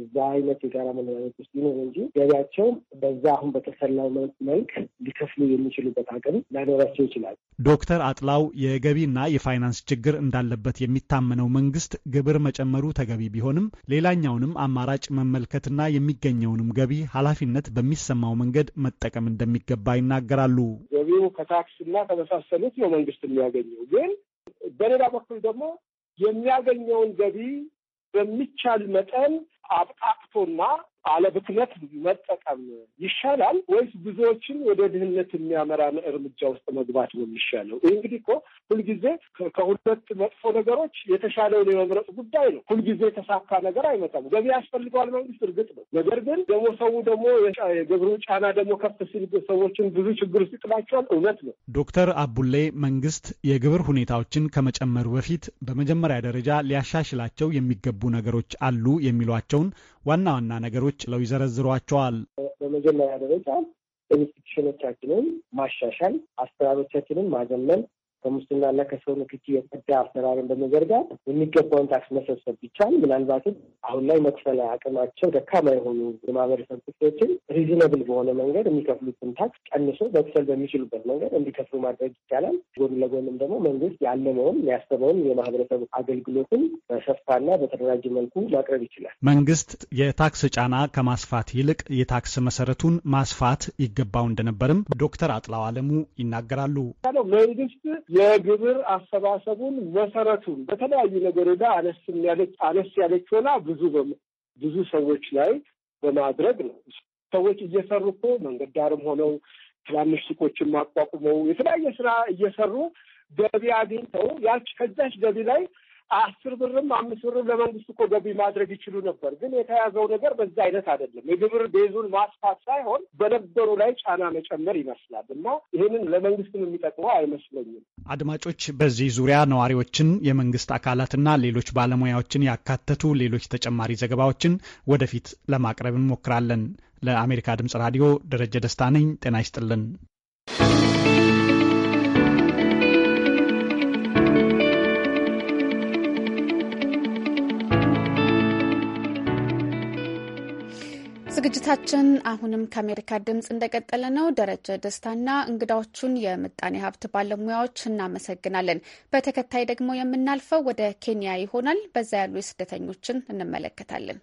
እዛ አይነት የጋራ መኖሪያ ቤት ውስጥ ይኖር እንጂ ገቢያቸው በዛ አሁን በተሰላው መልክ ሊከፍሉ የሚችሉበት አቅም ላይኖራቸው ይችላል። ዶክተር አጥላው የገቢና የፋይናንስ ችግር እንዳለበት የሚታመነው መንግስት ግብር መጨመሩ ተገቢ ቢሆንም ሌላኛውንም አማራጭ መመልከትና የሚገኘውንም ገቢ ኃላፊነት በሚሰማው መንገድ መጠቀም እንደሚገባ ይናገራሉ። ገቢው ከታክስና ከመሳሰሉት ነው መንግስት የሚያገኘው። ግን በሌላ በኩል ደግሞ የሚያገኘውን ገቢ በሚቻል መጠን አብቃቅቶና አለብክነት መጠቀም ይሻላል ወይስ ብዙዎችን ወደ ድህነት የሚያመራ እርምጃ ውስጥ መግባት ነው የሚሻለው? ይህ እንግዲህ እኮ ሁልጊዜ ከሁለት መጥፎ ነገሮች የተሻለውን የመምረጥ ጉዳይ ነው። ሁልጊዜ የተሳካ ነገር አይመጣም። ገቢ ያስፈልገዋል መንግስት፣ እርግጥ ነው። ነገር ግን ደግሞ ሰው ደግሞ የግብሩ ጫና ደግሞ ከፍ ሲል ሰዎችን ብዙ ችግር ውስጥ ይጥላቸዋል። እውነት ነው። ዶክተር አቡሌ መንግስት የግብር ሁኔታዎችን ከመጨመሩ በፊት በመጀመሪያ ደረጃ ሊያሻሽላቸው የሚገቡ ነገሮች አሉ የሚሏቸው ያሏቸውን ዋና ዋና ነገሮች ለው ይዘረዝሯቸዋል። በመጀመሪያ ደረጃ ኢንስቲትዩሽኖቻችንን ማሻሻል፣ አሰራሮቻችንን ማዘመን፣ ከሙስናና ከሰው ንክኪ የጸዳ አሰራርን በመዘርጋት የሚገባውን ታክስ መሰብሰብ ቢቻል ምናልባትም አሁን ላይ መክፈል አቅማቸው ደካማ የሆኑ የማህበረሰብ ክፍሎችን ሪዝነብል በሆነ መንገድ የሚከፍሉትን ታክስ ቀንሶ መክፈል በሚችሉበት መንገድ እንዲከፍሉ ማድረግ ይቻላል። ጎን ለጎንም ደግሞ መንግስት ያለመውን ያሰበውን የማህበረሰብ አገልግሎትን በሰፋና በተደራጀ መልኩ ማቅረብ ይችላል። መንግስት የታክስ ጫና ከማስፋት ይልቅ የታክስ መሰረቱን ማስፋት ይገባው እንደነበርም ዶክተር አጥላው አለሙ ይናገራሉ። መንግስት የግብር አሰባሰቡን መሰረቱን በተለያዩ ነገር ወደ አነስ ያለች አነስ ያለች ሆና ብዙ ብዙ ሰዎች ላይ በማድረግ ነው። ሰዎች እየሰሩ እኮ መንገድ ዳርም ሆነው ትናንሽ ሱቆችን ማቋቁመው የተለያየ ስራ እየሰሩ ገቢ አግኝተው ያች ከዛች ገቢ ላይ አስር ብርም አምስት ብርም ለመንግስት እኮ ገቢ ማድረግ ይችሉ ነበር። ግን የተያዘው ነገር በዛ አይነት አይደለም። የግብር ቤዙን ማስፋት ሳይሆን በነበሩ ላይ ጫና መጨመር ይመስላል እና ይህንን ለመንግስትም የሚጠቅመው አይመስለኝም። አድማጮች፣ በዚህ ዙሪያ ነዋሪዎችን፣ የመንግስት አካላትና ሌሎች ባለሙያዎችን ያካተቱ ሌሎች ተጨማሪ ዘገባዎችን ወደፊት ለማቅረብ እንሞክራለን። ለአሜሪካ ድምጽ ራዲዮ ደረጀ ደስታ ነኝ። ጤና ይስጥልን። ዝግጅታችን አሁንም ከአሜሪካ ድምፅ እንደቀጠለ ነው። ደረጀ ደስታና እንግዳዎቹን የምጣኔ ሀብት ባለሙያዎች እናመሰግናለን። በተከታይ ደግሞ የምናልፈው ወደ ኬንያ ይሆናል። በዛ ያሉ የስደተኞችን እንመለከታለን።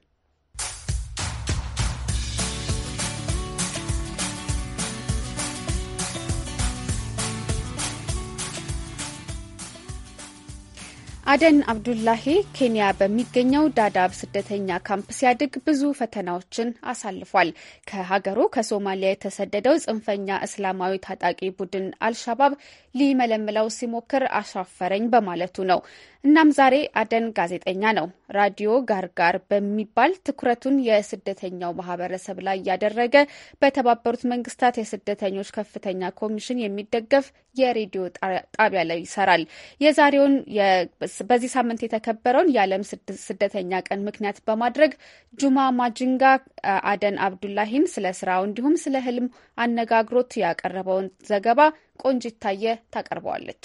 አደን አብዱላሂ ኬንያ በሚገኘው ዳዳብ ስደተኛ ካምፕ ሲያድግ ብዙ ፈተናዎችን አሳልፏል። ከሀገሩ ከሶማሊያ የተሰደደው ጽንፈኛ እስላማዊ ታጣቂ ቡድን አልሻባብ ሊመለምለው ሲሞክር አሻፈረኝ በማለቱ ነው። እናም ዛሬ አደን ጋዜጠኛ ነው። ራዲዮ ጋርጋር በሚባል ትኩረቱን የስደተኛው ማህበረሰብ ላይ ያደረገ በተባበሩት መንግስታት የስደተኞች ከፍተኛ ኮሚሽን የሚደገፍ የሬዲዮ ጣቢያ ላይ ይሰራል። የዛሬውን በዚህ ሳምንት የተከበረውን የዓለም ስደተኛ ቀን ምክንያት በማድረግ ጁማ ማጅንጋ አደን አብዱላሂን ስለ ስራው እንዲሁም ስለ ህልም አነጋግሮት ያቀረበውን ዘገባ ቆንጅታየ ታቀርበዋለች።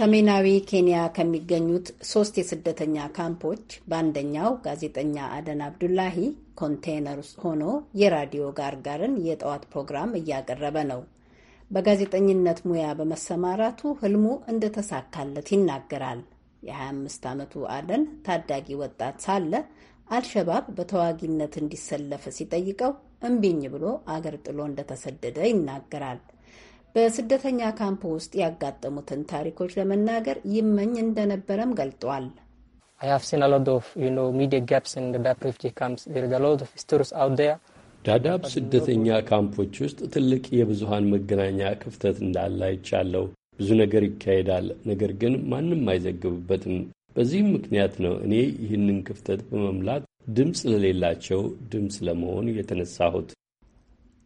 ሰሜናዊ ኬንያ ከሚገኙት ሶስት የስደተኛ ካምፖች በአንደኛው ጋዜጠኛ አደን አብዱላሂ ኮንቴነር ውስጥ ሆኖ የራዲዮ ጋርጋርን የጠዋት ፕሮግራም እያቀረበ ነው። በጋዜጠኝነት ሙያ በመሰማራቱ ህልሙ እንደተሳካለት ይናገራል። የ25 ዓመቱ አደን ታዳጊ ወጣት ሳለ አልሸባብ በተዋጊነት እንዲሰለፍ ሲጠይቀው እምቢኝ ብሎ አገር ጥሎ እንደተሰደደ ይናገራል። በስደተኛ ካምፕ ውስጥ ያጋጠሙትን ታሪኮች ለመናገር ይመኝ እንደነበረም ገልጧል። ዳዳብ ስደተኛ ካምፖች ውስጥ ትልቅ የብዙሃን መገናኛ ክፍተት እንዳለ አይቻለሁ። ብዙ ነገር ይካሄዳል፣ ነገር ግን ማንም አይዘግብበትም። በዚህም ምክንያት ነው እኔ ይህንን ክፍተት በመምላት ድምፅ ለሌላቸው ድምፅ ለመሆን የተነሳሁት።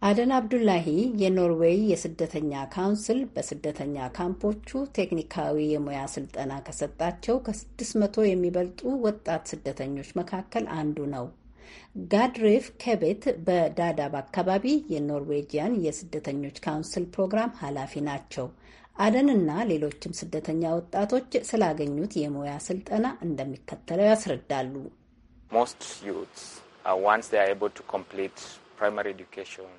አደን አብዱላሂ የኖርዌይ የስደተኛ ካውንስል በስደተኛ ካምፖቹ ቴክኒካዊ የሙያ ስልጠና ከሰጣቸው ከ መቶ የሚበልጡ ወጣት ስደተኞች መካከል አንዱ ነው። ጋድሬፍ ከቤት በዳዳብ አካባቢ የኖርዌጂያን የስደተኞች ካውንስል ፕሮግራም ኃላፊ ናቸው። አደንና ሌሎችም ስደተኛ ወጣቶች ስላገኙት የሙያ ስልጠና እንደሚከተለው ያስረዳሉ። ሞስት ዋንስ ፕራይማሪ ኤዱኬሽን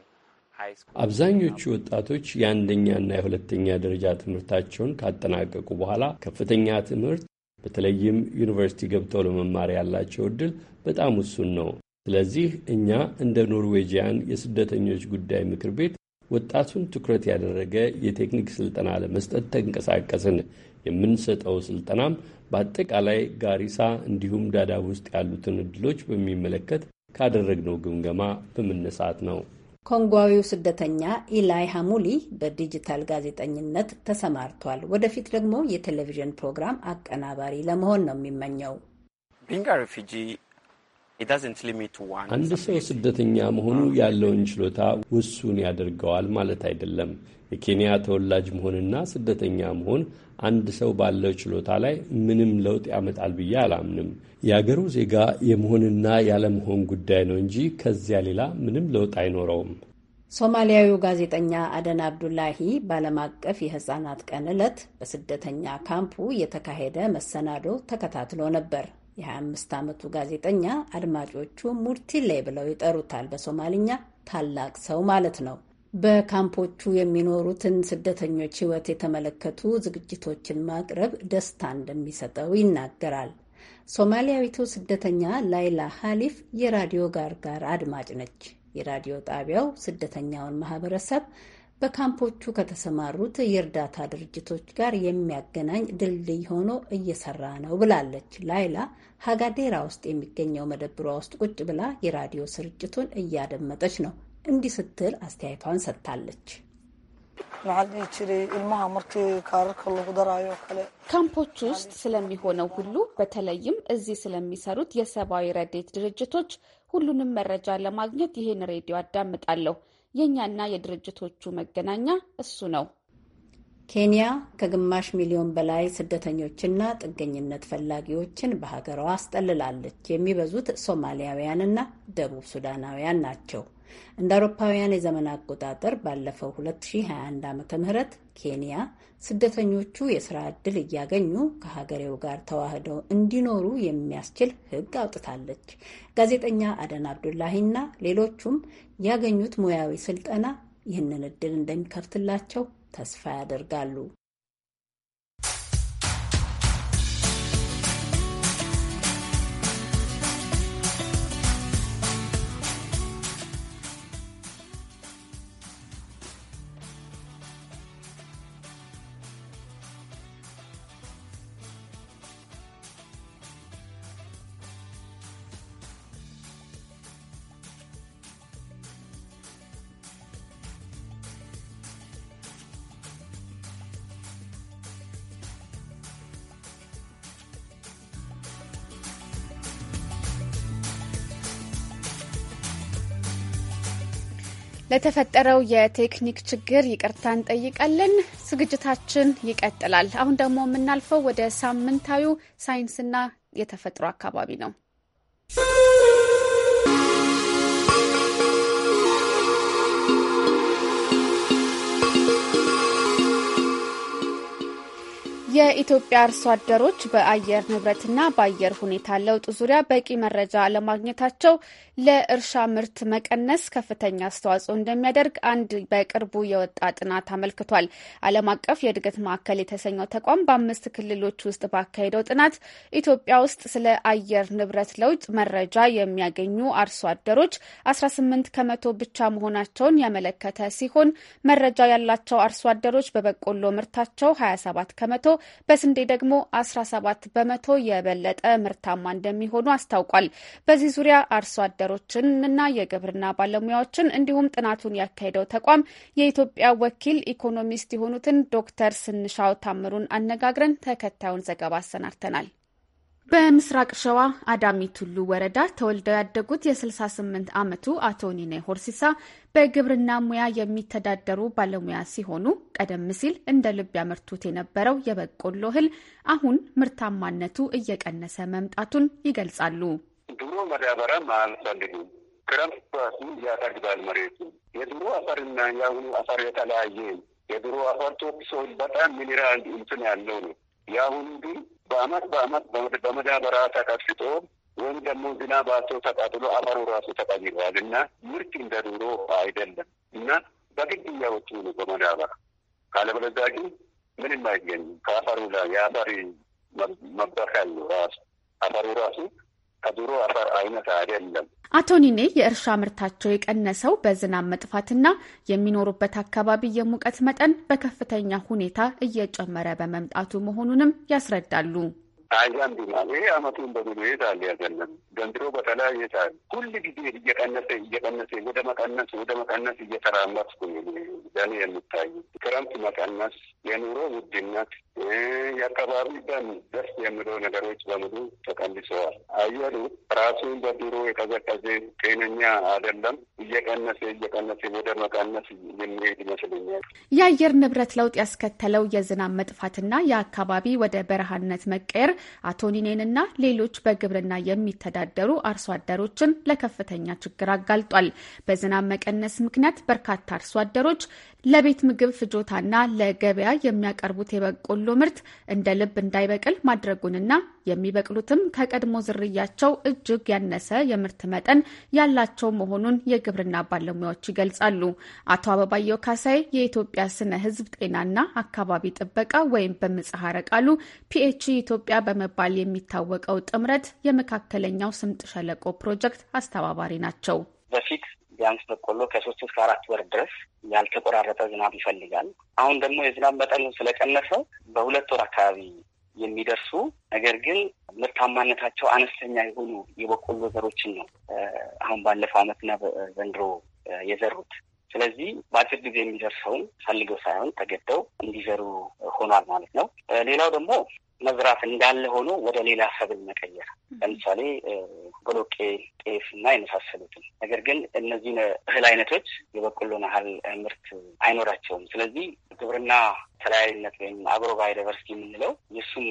አብዛኞቹ ወጣቶች የአንደኛና የሁለተኛ ደረጃ ትምህርታቸውን ካጠናቀቁ በኋላ ከፍተኛ ትምህርት በተለይም ዩኒቨርሲቲ ገብተው ለመማር ያላቸው እድል በጣም ውሱን ነው። ስለዚህ እኛ እንደ ኖርዌጂያን የስደተኞች ጉዳይ ምክር ቤት ወጣቱን ትኩረት ያደረገ የቴክኒክ ስልጠና ለመስጠት ተንቀሳቀስን። የምንሰጠው ስልጠናም በአጠቃላይ ጋሪሳ እንዲሁም ዳዳብ ውስጥ ያሉትን እድሎች በሚመለከት ካደረግነው ግምገማ በመነሳት ነው። ኮንጓዊው ስደተኛ ኢላይ ሃሙሊ በዲጂታል ጋዜጠኝነት ተሰማርቷል። ወደፊት ደግሞ የቴሌቪዥን ፕሮግራም አቀናባሪ ለመሆን ነው የሚመኘው። ቢንግ ሪፊጂ አንድ ሰው ስደተኛ መሆኑ ያለውን ችሎታ ውሱን ያደርገዋል ማለት አይደለም። የኬንያ ተወላጅ መሆንና ስደተኛ መሆን አንድ ሰው ባለው ችሎታ ላይ ምንም ለውጥ ያመጣል ብዬ አላምንም። የአገሩ ዜጋ የመሆንና ያለመሆን ጉዳይ ነው እንጂ ከዚያ ሌላ ምንም ለውጥ አይኖረውም። ሶማሊያዊው ጋዜጠኛ አደን አብዱላሂ በዓለም አቀፍ የሕፃናት ቀን ዕለት በስደተኛ ካምፑ የተካሄደ መሰናዶ ተከታትሎ ነበር። የ25 ዓመቱ ጋዜጠኛ አድማጮቹ ሙርቲሌ ብለው ይጠሩታል፣ በሶማልኛ ታላቅ ሰው ማለት ነው። በካምፖቹ የሚኖሩትን ስደተኞች ሕይወት የተመለከቱ ዝግጅቶችን ማቅረብ ደስታ እንደሚሰጠው ይናገራል። ሶማሊያዊቱ ስደተኛ ላይላ ሀሊፍ የራዲዮ ጋር ጋር አድማጭ ነች። የራዲዮ ጣቢያው ስደተኛውን ማህበረሰብ በካምፖቹ ከተሰማሩት የእርዳታ ድርጅቶች ጋር የሚያገናኝ ድልድይ ሆኖ እየሰራ ነው ብላለች። ላይላ ሀጋዴራ ውስጥ የሚገኘው መደብሯ ውስጥ ቁጭ ብላ የራዲዮ ስርጭቱን እያደመጠች ነው። እንዲህ ስትል አስተያየቷን ሰጥታለች። ካምፖች ውስጥ ስለሚሆነው ሁሉ በተለይም እዚህ ስለሚሰሩት የሰብአዊ ረዴት ድርጅቶች ሁሉንም መረጃ ለማግኘት ይህን ሬዲዮ አዳምጣለሁ። የእኛና የድርጅቶቹ መገናኛ እሱ ነው። ኬንያ ከግማሽ ሚሊዮን በላይ ስደተኞችና ጥገኝነት ፈላጊዎችን በሀገሯ አስጠልላለች። የሚበዙት ሶማሊያውያንና ደቡብ ሱዳናውያን ናቸው። እንደ አውሮፓውያን የዘመን አቆጣጠር ባለፈው 2021 ዓ ም ኬንያ ስደተኞቹ የስራ ዕድል እያገኙ ከሀገሬው ጋር ተዋህደው እንዲኖሩ የሚያስችል ሕግ አውጥታለች። ጋዜጠኛ አደን አብዱላሂና ሌሎቹም ያገኙት ሙያዊ ስልጠና ይህንን ዕድል እንደሚከፍትላቸው ተስፋ ያደርጋሉ። ለተፈጠረው የቴክኒክ ችግር ይቅርታ እንጠይቃለን። ዝግጅታችን ይቀጥላል። አሁን ደግሞ የምናልፈው ወደ ሳምንታዊው ሳይንስና የተፈጥሮ አካባቢ ነው። የኢትዮጵያ አርሶ አደሮች በአየር ንብረትና በአየር ሁኔታ ለውጥ ዙሪያ በቂ መረጃ አለማግኘታቸው ለእርሻ ምርት መቀነስ ከፍተኛ አስተዋጽኦ እንደሚያደርግ አንድ በቅርቡ የወጣ ጥናት አመልክቷል። ዓለም አቀፍ የእድገት ማዕከል የተሰኘው ተቋም በአምስት ክልሎች ውስጥ ባካሄደው ጥናት ኢትዮጵያ ውስጥ ስለ አየር ንብረት ለውጥ መረጃ የሚያገኙ አርሶ አደሮች 18 ከመቶ ብቻ መሆናቸውን ያመለከተ ሲሆን መረጃ ያላቸው አርሶ አደሮች በበቆሎ ምርታቸው 27 ከመቶ በስንዴ ደግሞ 17 በመቶ የበለጠ ምርታማ እንደሚሆኑ አስታውቋል። በዚህ ዙሪያ አርሶ አደሮችን እና የግብርና ባለሙያዎችን እንዲሁም ጥናቱን ያካሄደው ተቋም የኢትዮጵያ ወኪል ኢኮኖሚስት የሆኑትን ዶክተር ስንሻው ታምሩን አነጋግረን ተከታዩን ዘገባ አሰናድተናል። በምስራቅ ሸዋ አዳሚ ቱሉ ወረዳ ተወልደው ያደጉት የ68 ዓመቱ አቶ ኒኔ ሆርሲሳ በግብርና ሙያ የሚተዳደሩ ባለሙያ ሲሆኑ ቀደም ሲል እንደ ልብ ያመርቱት የነበረው የበቆሎ እህል አሁን ምርታማነቱ እየቀነሰ መምጣቱን ይገልጻሉ። ድሮ መዳበሪያም አልፈልግም ክረምት ራሱ ያጠግባል መሬቱ። የድሮ አፈርና የአሁኑ አፈር የተለያየ የድሮ አፈር ቶክሶ በጣም ሚኒራል እንትን ያለው ነው። የአሁኑ ግን በአመት በአመት በመዳበሪያ ተቀፍጦ ወይም ደግሞ ዝናብ አቶ ተቃጥሎ አፈሩ ራሱ ተቀይሯል እና ምርት እንደ ዱሮ አይደለም እና በግድ እያወጡ ነው በመዳበር ካለበለዚያ ግን ምንም አይገኝም። ከአፈሩ ላይ የአፈር መበከል ራሱ አፈሩ ራሱ ከድሮ አፈር አይነት አይደለም። አቶ ኒኔ የእርሻ ምርታቸው የቀነሰው በዝናብ መጥፋትና የሚኖሩበት አካባቢ የሙቀት መጠን በከፍተኛ ሁኔታ እየጨመረ በመምጣቱ መሆኑንም ያስረዳሉ። አይዛን ነው። ይሄ አመቱን በሙሉ ይዛል ያገለም ዘንድሮ በተለይ ይዛል ሁል ጊዜ እየቀነሰ እየቀነሰ ወደ መቀነስ ወደ መቀነስ እየተራመድኩ ለኔ የምታዩ ክረምት መቀነስ፣ የኑሮ ውድነት፣ የአካባቢ ደን ደስ የሚለው ነገሮች በሙሉ ተቀንሰዋል። አየሩ ራሱን በድሮ የቀዘቀዘ ጤነኛ አይደለም። እየቀነሰ እየቀነሰ ወደ መቀነስ የሚሄድ ይመስለኛል። የአየር ንብረት ለውጥ ያስከተለው የዝናብ መጥፋትና የአካባቢ ወደ በረሃነት መቀየር አቶ ኒኔንና ሌሎች በግብርና የሚተዳደሩ አርሶ አደሮችን ለከፍተኛ ችግር አጋልጧል። በዝናብ መቀነስ ምክንያት በርካታ አርሶ አደሮች ለቤት ምግብ ፍጆታና ለገበያ የሚያቀርቡት የበቆሎ ምርት እንደ ልብ እንዳይበቅል ማድረጉንና የሚበቅሉትም ከቀድሞ ዝርያቸው እጅግ ያነሰ የምርት መጠን ያላቸው መሆኑን የግብርና ባለሙያዎች ይገልጻሉ። አቶ አበባየው ካሳይ የኢትዮጵያ ስነ ሕዝብ ጤናና አካባቢ ጥበቃ ወይም በምጽሐረ ቃሉ ፒኤች ኢትዮጵያ በመባል የሚታወቀው ጥምረት የመካከለኛው ስምጥ ሸለቆ ፕሮጀክት አስተባባሪ ናቸው። በፊት ቢያንስ በቆሎ ከሶስት እስከ አራት ወር ድረስ ያልተቆራረጠ ዝናብ ይፈልጋል። አሁን ደግሞ የዝናብ መጠኑ ስለቀነሰ በሁለት ወር አካባቢ የሚደርሱ ነገር ግን ምርታማነታቸው አነስተኛ የሆኑ የበቆሎ ዘሮችን ነው አሁን ባለፈው ዓመትና ዘንድሮ የዘሩት። ስለዚህ በአጭር ጊዜ የሚደርሰውን ፈልገው ሳይሆን ተገደው እንዲዘሩ ሆኗል ማለት ነው። ሌላው ደግሞ መዝራት እንዳለ ሆኖ ወደ ሌላ ሰብል መቀየር ለምሳሌ ቦሎቄ፣ ጤፍ እና የመሳሰሉትን። ነገር ግን እነዚህ እህል አይነቶች የበቆሎን ያህል ምርት አይኖራቸውም። ስለዚህ ግብርና ተለያዩነት ወይም አግሮ ባዮዳይቨርሲቲ የምንለው የሱም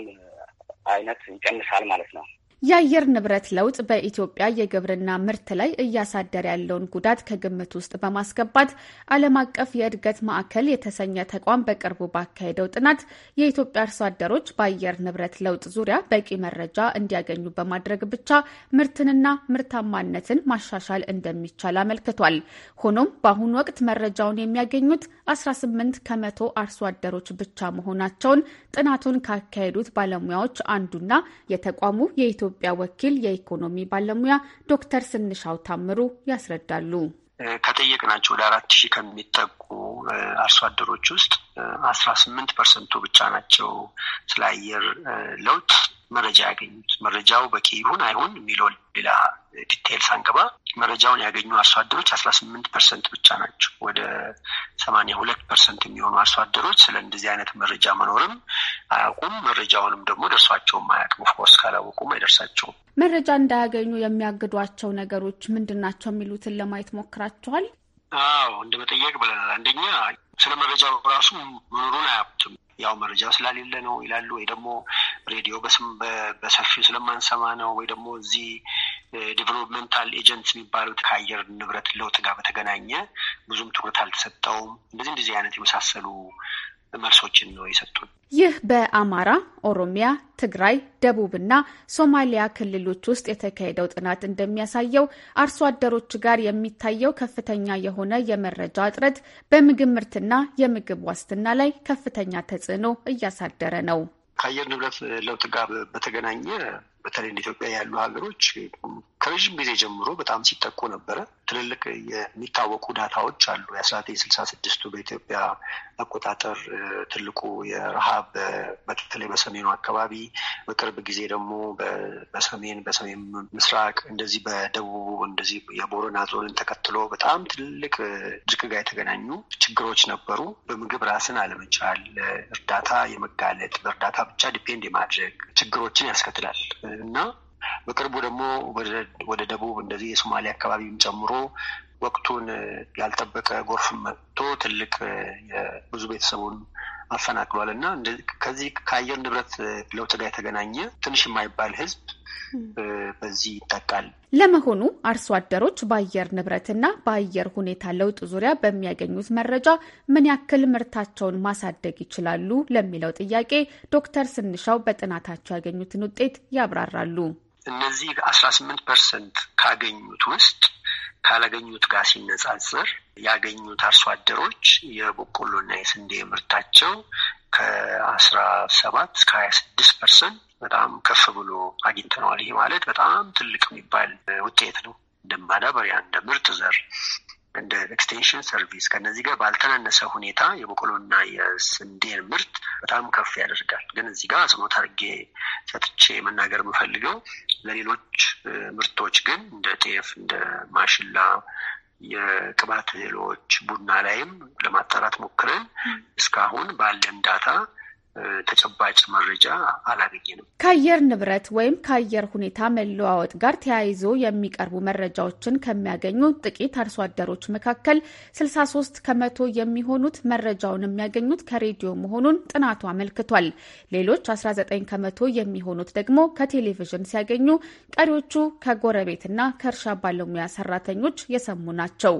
አይነት ይቀንሳል ማለት ነው። የአየር ንብረት ለውጥ በኢትዮጵያ የግብርና ምርት ላይ እያሳደረ ያለውን ጉዳት ከግምት ውስጥ በማስገባት ዓለም አቀፍ የእድገት ማዕከል የተሰኘ ተቋም በቅርቡ ባካሄደው ጥናት የኢትዮጵያ አርሶ አደሮች በአየር ንብረት ለውጥ ዙሪያ በቂ መረጃ እንዲያገኙ በማድረግ ብቻ ምርትንና ምርታማነትን ማሻሻል እንደሚቻል አመልክቷል። ሆኖም በአሁኑ ወቅት መረጃውን የሚያገኙት 18 ከመቶ አርሶ አደሮች ብቻ መሆናቸውን ጥናቱን ካካሄዱት ባለሙያዎች አንዱና የተቋሙ የኢትዮ የኢትዮጵያ ወኪል የኢኮኖሚ ባለሙያ ዶክተር ስንሻው ታምሩ ያስረዳሉ። ከጠየቅናቸው ወደ አራት ሺህ ከሚጠጉ አርሶ አደሮች ውስጥ አስራ ስምንት ፐርሰንቱ ብቻ ናቸው ስለ አየር ለውጥ መረጃ ያገኙት። መረጃው በቂ ይሁን አይሁን የሚለው ሌላ ዲቴይል ሳንገባ መረጃውን ያገኙ አርሶ አደሮች አስራ ስምንት ፐርሰንት ብቻ ናቸው። ወደ ሰማኒያ ሁለት ፐርሰንት የሚሆኑ አርሶ አደሮች ስለ እንደዚህ አይነት መረጃ መኖርም አያውቁም። መረጃውንም ደግሞ ደርሷቸውም አያውቅም። ፎርስ ካላወቁም አይደርሳቸውም። መረጃ እንዳያገኙ የሚያግዷቸው ነገሮች ምንድን ናቸው የሚሉትን ለማየት ሞክራቸዋል አዎ እንደ መጠየቅ ብለናል። አንደኛ ስለ መረጃው ራሱ መኖሩን አያውቁትም። ያው መረጃው ስላሌለ ነው ይላሉ፣ ወይ ደግሞ ሬዲዮ በስም በሰፊው ስለማንሰማ ነው፣ ወይ ደግሞ እዚህ ዲቨሎፕመንታል ኤጀንት የሚባሉት ከአየር ንብረት ለውጥ ጋር በተገናኘ ብዙም ትኩረት አልተሰጠውም። እንደዚህ እንደዚህ አይነት የመሳሰሉ መልሶችን ነው የሰጡን። ይህ በአማራ፣ ኦሮሚያ፣ ትግራይ፣ ደቡብና ሶማሊያ ክልሎች ውስጥ የተካሄደው ጥናት እንደሚያሳየው አርሶ አደሮች ጋር የሚታየው ከፍተኛ የሆነ የመረጃ እጥረት በምግብ ምርትና የምግብ ዋስትና ላይ ከፍተኛ ተጽዕኖ እያሳደረ ነው። ከአየር ንብረት ለውጥ ጋር በተገናኘ በተለይ እንደ ኢትዮጵያ ያሉ ሀገሮች ከረዥም ጊዜ ጀምሮ በጣም ሲጠቁ ነበረ። ትልልቅ የሚታወቁ ዳታዎች አሉ። የአስራ ዘጠኝ ስልሳ ስድስቱ በኢትዮጵያ አቆጣጠር ትልቁ የረሃብ በተለይ በሰሜኑ አካባቢ፣ በቅርብ ጊዜ ደግሞ በሰሜን በሰሜን ምስራቅ እንደዚህ በደቡቡ እንደዚህ የቦረና ዞንን ተከትሎ በጣም ትልቅ ድርቅ ጋር የተገናኙ ችግሮች ነበሩ። በምግብ ራስን አለመቻል፣ እርዳታ የመጋለጥ በእርዳታ ብቻ ዲፔንድ የማድረግ ችግሮችን ያስከትላል እና በቅርቡ ደግሞ ወደ ደቡብ እንደዚህ የሶማሌ አካባቢም ጨምሮ ወቅቱን ያልጠበቀ ጎርፍ መጥቶ ትልቅ ብዙ ቤተሰቡን አፈናቅሏል እና ከዚህ ከአየር ንብረት ለውጥ ጋር የተገናኘ ትንሽ የማይባል ህዝብ በዚህ ይጠቃል። ለመሆኑ አርሶ አደሮች በአየር ንብረትና በአየር ሁኔታ ለውጥ ዙሪያ በሚያገኙት መረጃ ምን ያክል ምርታቸውን ማሳደግ ይችላሉ? ለሚለው ጥያቄ ዶክተር ስንሻው በጥናታቸው ያገኙትን ውጤት ያብራራሉ። እነዚህ አስራ ስምንት ፐርሰንት ካገኙት ውስጥ ካላገኙት ጋር ሲነጻጽር ያገኙት አርሶ አደሮች የበቆሎ እና የስንዴ ምርታቸው ከአስራ ሰባት እስከ ሀያ ስድስት ፐርሰንት በጣም ከፍ ብሎ አግኝተነዋል። ይሄ ማለት በጣም ትልቅ የሚባል ውጤት ነው። እንደ ማዳበሪያ፣ እንደ ምርጥ ዘር እንደ ኤክስቴንሽን ሰርቪስ ከነዚህ ጋር ባልተናነሰ ሁኔታ የበቆሎና የስንዴን ምርት በጣም ከፍ ያደርጋል። ግን እዚህ ጋር አጽንኦት አድርጌ ሰጥቼ መናገር የምፈልገው ለሌሎች ምርቶች ግን እንደ ጤፍ፣ እንደ ማሽላ የቅባት እህሎች ቡና ላይም ለማጣራት ሞክረን እስካሁን ባለን ዳታ ተጨባጭ መረጃ አላገኘንም። ከአየር ንብረት ወይም ከአየር ሁኔታ መለዋወጥ ጋር ተያይዞ የሚቀርቡ መረጃዎችን ከሚያገኙ ጥቂት አርሶ አደሮች መካከል 63 ከመቶ የሚሆኑት መረጃውን የሚያገኙት ከሬዲዮ መሆኑን ጥናቱ አመልክቷል። ሌሎች 19 ከመቶ የሚሆኑት ደግሞ ከቴሌቪዥን ሲያገኙ፣ ቀሪዎቹ ከጎረቤትና ከእርሻ ባለሙያ ሰራተኞች የሰሙ ናቸው።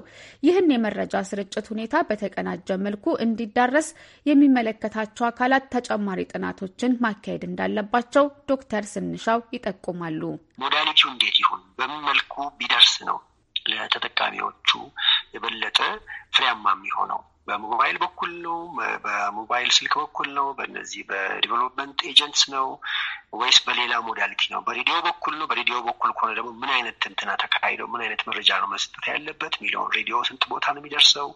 ይህን የመረጃ ስርጭት ሁኔታ በተቀናጀ መልኩ እንዲዳረስ የሚመለከታቸው አካላት ተጨማሪ ጥናቶችን ማካሄድ እንዳለባቸው ዶክተር ስንሻው ይጠቁማሉ። ሞዳሊቲው እንዴት ይሁን፣ በምን መልኩ ቢደርስ ነው ለተጠቃሚዎቹ የበለጠ ፍሬያማ የሚሆነው በሞባይል በኩል ነው? በሞባይል ስልክ በኩል ነው? በነዚህ በዲቨሎፕመንት ኤጀንትስ ነው ወይስ በሌላ ሞዳሊቲ ነው? በሬዲዮ በኩል ነው? በሬዲዮ በኩል ከሆነ ደግሞ ምን አይነት ትንትና ተካሂደው ምን አይነት መረጃ ነው መስጠት ያለበት የሚለውን ሬዲዮ ስንት ቦታ ነው የሚደርሰው፣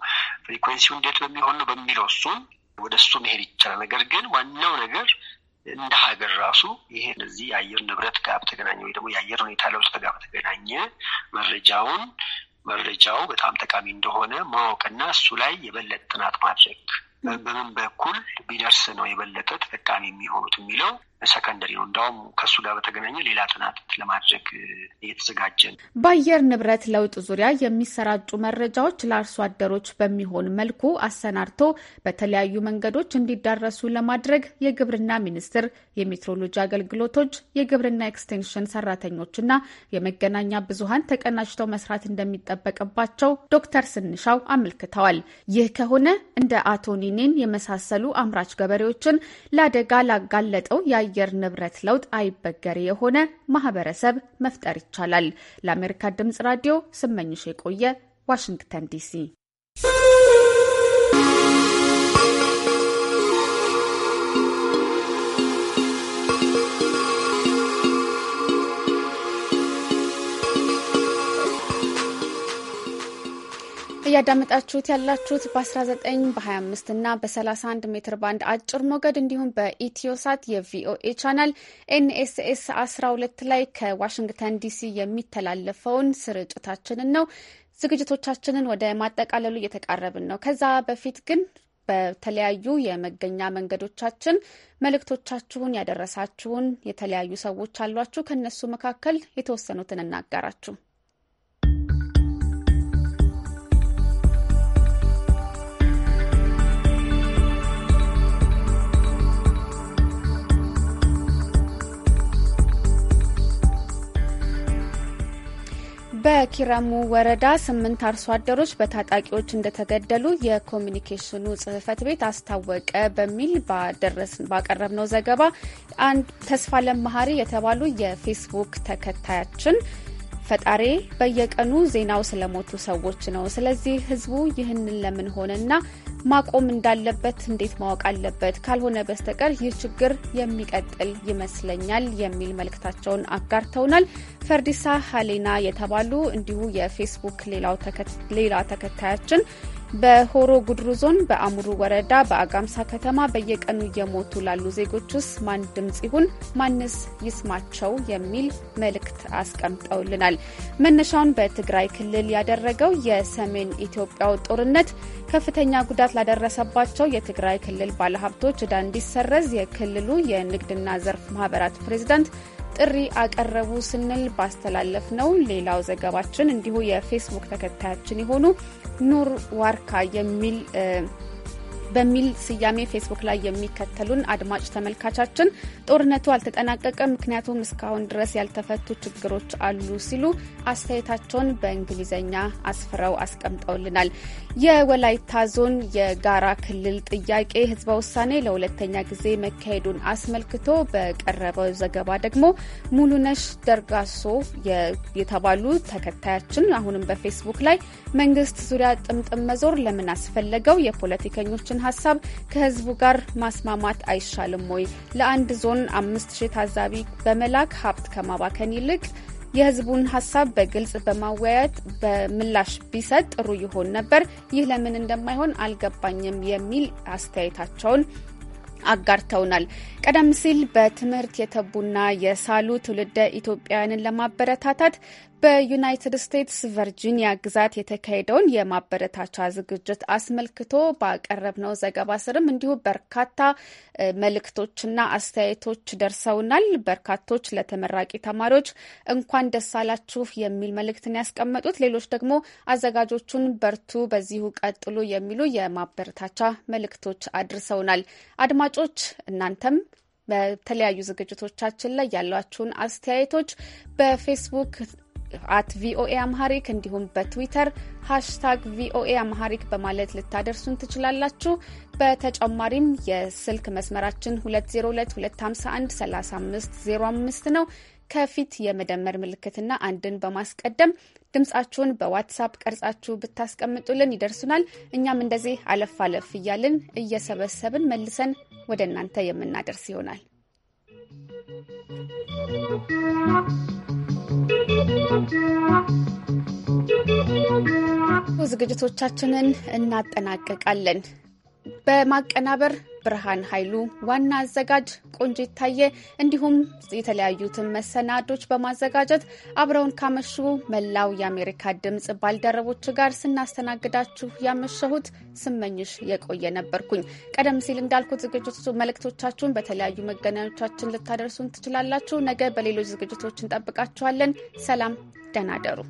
ፍሪኩዌንሲው እንዴት በሚሆን ነው በሚለው እሱን ወደ እሱ መሄድ ይቻላል። ነገር ግን ዋናው ነገር እንደ ሀገር ራሱ ይሄ እዚህ የአየር ንብረት ጋር በተገናኘ ወይ ደግሞ የአየር ሁኔታ ለውጥ ጋር በተገናኘ መረጃውን መረጃው በጣም ጠቃሚ እንደሆነ ማወቅና እሱ ላይ የበለጠ ጥናት ማድረግ በምን በኩል ቢደርስ ነው የበለጠ ተጠቃሚ የሚሆኑት የሚለው ሰከንደሪ ነው። እንዲያውም ከእሱ ጋር በተገናኘ ሌላ ጥናት ለማድረግ እየተዘጋጀ ነው። በአየር ንብረት ለውጥ ዙሪያ የሚሰራጩ መረጃዎች ለአርሶ አደሮች በሚሆን መልኩ አሰናድቶ በተለያዩ መንገዶች እንዲዳረሱ ለማድረግ የግብርና ሚኒስቴር፣ የሜትሮሎጂ አገልግሎቶች፣ የግብርና ኤክስቴንሽን ሰራተኞችና የመገናኛ ብዙሀን ተቀናጅተው መስራት እንደሚጠበቅባቸው ዶክተር ስንሻው አመልክተዋል። ይህ ከሆነ እንደ አቶ ኒኔን የመሳሰሉ አምራች ገበሬዎችን ለአደጋ ላጋለጠው የአየር ንብረት ለውጥ አይበገሬ የሆነ ማህበረሰብ መፍጠር ይቻላል። ለአሜሪካ ድምጽ ራዲዮ ስመኝሽ የቆየ ዋሽንግተን ዲሲ። እያዳመጣችሁት ያላችሁት በ19 በ25 እና በ31 ሜትር ባንድ አጭር ሞገድ እንዲሁም በኢትዮሳት የቪኦኤ ቻናል ኤንኤስኤስ 12 ላይ ከዋሽንግተን ዲሲ የሚተላለፈውን ስርጭታችንን ነው። ዝግጅቶቻችንን ወደ ማጠቃለሉ እየተቃረብን ነው። ከዛ በፊት ግን በተለያዩ የመገኛ መንገዶቻችን መልእክቶቻችሁን ያደረሳችሁን የተለያዩ ሰዎች አሏችሁ። ከእነሱ መካከል የተወሰኑትን እናጋራችሁ። በኪረሙ ወረዳ ስምንት አርሶ አደሮች በታጣቂዎች እንደተገደሉ የኮሚኒኬሽኑ ጽህፈት ቤት አስታወቀ በሚል ባቀረብነው ዘገባ አንድ ተስፋ ለመሀሪ የተባሉ የፌስቡክ ተከታያችን ፈጣሬ በየቀኑ ዜናው ስለሞቱ ሰዎች ነው። ስለዚህ ህዝቡ ይህንን ለምን ሆነና ማቆም እንዳለበት እንዴት ማወቅ አለበት? ካልሆነ በስተቀር ይህ ችግር የሚቀጥል ይመስለኛል የሚል መልእክታቸውን አጋርተውናል። ፈርዲሳ ሀሌና የተባሉ እንዲሁ የፌስቡክ ሌላ ተከታያችን በሆሮ ጉድሩ ዞን በአሙሩ ወረዳ በአጋምሳ ከተማ በየቀኑ እየሞቱ ላሉ ዜጎች ውስጥ ማን ድምጽ ይሁን ማንስ ይስማቸው የሚል መልእክት አስቀምጠውልናል። መነሻውን በትግራይ ክልል ያደረገው የሰሜን ኢትዮጵያው ጦርነት ከፍተኛ ጉዳት ላደረሰባቸው የትግራይ ክልል ባለሀብቶች ዕዳ እንዲሰረዝ የክልሉ የንግድና ዘርፍ ማህበራት ፕሬዚዳንት ጥሪ አቀረቡ ስንል ባስተላለፍ ነው። ሌላው ዘገባችን እንዲሁ የፌስቡክ ተከታያችን የሆኑ ኑር ዋርካ የሚል በሚል ስያሜ ፌስቡክ ላይ የሚከተሉን አድማጭ ተመልካቻችን ጦርነቱ አልተጠናቀቀም፣ ምክንያቱም እስካሁን ድረስ ያልተፈቱ ችግሮች አሉ ሲሉ አስተያየታቸውን በእንግሊዝኛ አስፍረው አስቀምጠውልናል። የወላይታ ዞን የጋራ ክልል ጥያቄ ህዝበ ውሳኔ ለሁለተኛ ጊዜ መካሄዱን አስመልክቶ በቀረበው ዘገባ ደግሞ ሙሉነሽ ደርጋሶ የተባሉ ተከታያችን አሁንም በፌስቡክ ላይ መንግስት ዙሪያ ጥምጥም መዞር ለምን አስፈለገው? የፖለቲከኞችን ሀሳብ ከህዝቡ ጋር ማስማማት አይሻልም ወይ? ለአንድ ዞን አምስት ሺህ ታዛቢ በመላክ ሀብት ከማባከን ይልቅ የህዝቡን ሀሳብ በግልጽ በማወያየት በምላሽ ቢሰጥ ጥሩ ይሆን ነበር። ይህ ለምን እንደማይሆን አልገባኝም የሚል አስተያየታቸውን አጋርተውናል። ቀደም ሲል በትምህርት የተቡና የሳሉ ትውልደ ኢትዮጵያውያንን ለማበረታታት በዩናይትድ ስቴትስ ቨርጂኒያ ግዛት የተካሄደውን የማበረታቻ ዝግጅት አስመልክቶ ባቀረብነው ዘገባ ስርም እንዲሁ በርካታ መልእክቶችና አስተያየቶች ደርሰውናል። በርካቶች ለተመራቂ ተማሪዎች እንኳን ደስ አላችሁ የሚል መልእክትን ያስቀመጡት፣ ሌሎች ደግሞ አዘጋጆቹን በርቱ፣ በዚሁ ቀጥሉ የሚሉ የማበረታቻ መልእክቶች አድርሰውናል። አድማጮች እናንተም በተለያዩ ዝግጅቶቻችን ላይ ያሏችሁን አስተያየቶች በፌስቡክ አት ቪኦኤ አምሃሪክ እንዲሁም በትዊተር ሃሽታግ ቪኦኤ አምሃሪክ በማለት ልታደርሱን ትችላላችሁ። በተጨማሪም የስልክ መስመራችን 2022513505 ነው። ከፊት የመደመር ምልክትና አንድን በማስቀደም ድምጻችሁን በዋትሳፕ ቀርጻችሁ ብታስቀምጡልን ይደርሱናል። እኛም እንደዚህ አለፍ አለፍ እያልን እየሰበሰብን መልሰን ወደ እናንተ የምናደርስ ይሆናል። ዝግጅቶቻችንን እናጠናቀቃለን። በማቀናበር ብርሃን ኃይሉ፣ ዋና አዘጋጅ ቆንጆ ይታየ፣ እንዲሁም የተለያዩትን መሰናዶች በማዘጋጀት አብረውን ካመሹ መላው የአሜሪካ ድምፅ ባልደረቦች ጋር ስናስተናግዳችሁ ያመሸሁት ስመኝሽ የቆየ ነበርኩኝ። ቀደም ሲል እንዳልኩት ዝግጅቱ መልእክቶቻችሁን በተለያዩ መገናኞቻችን ልታደርሱን ትችላላችሁ። ነገ በሌሎች ዝግጅቶች እንጠብቃችኋለን። ሰላም፣ ደህና ደሩ።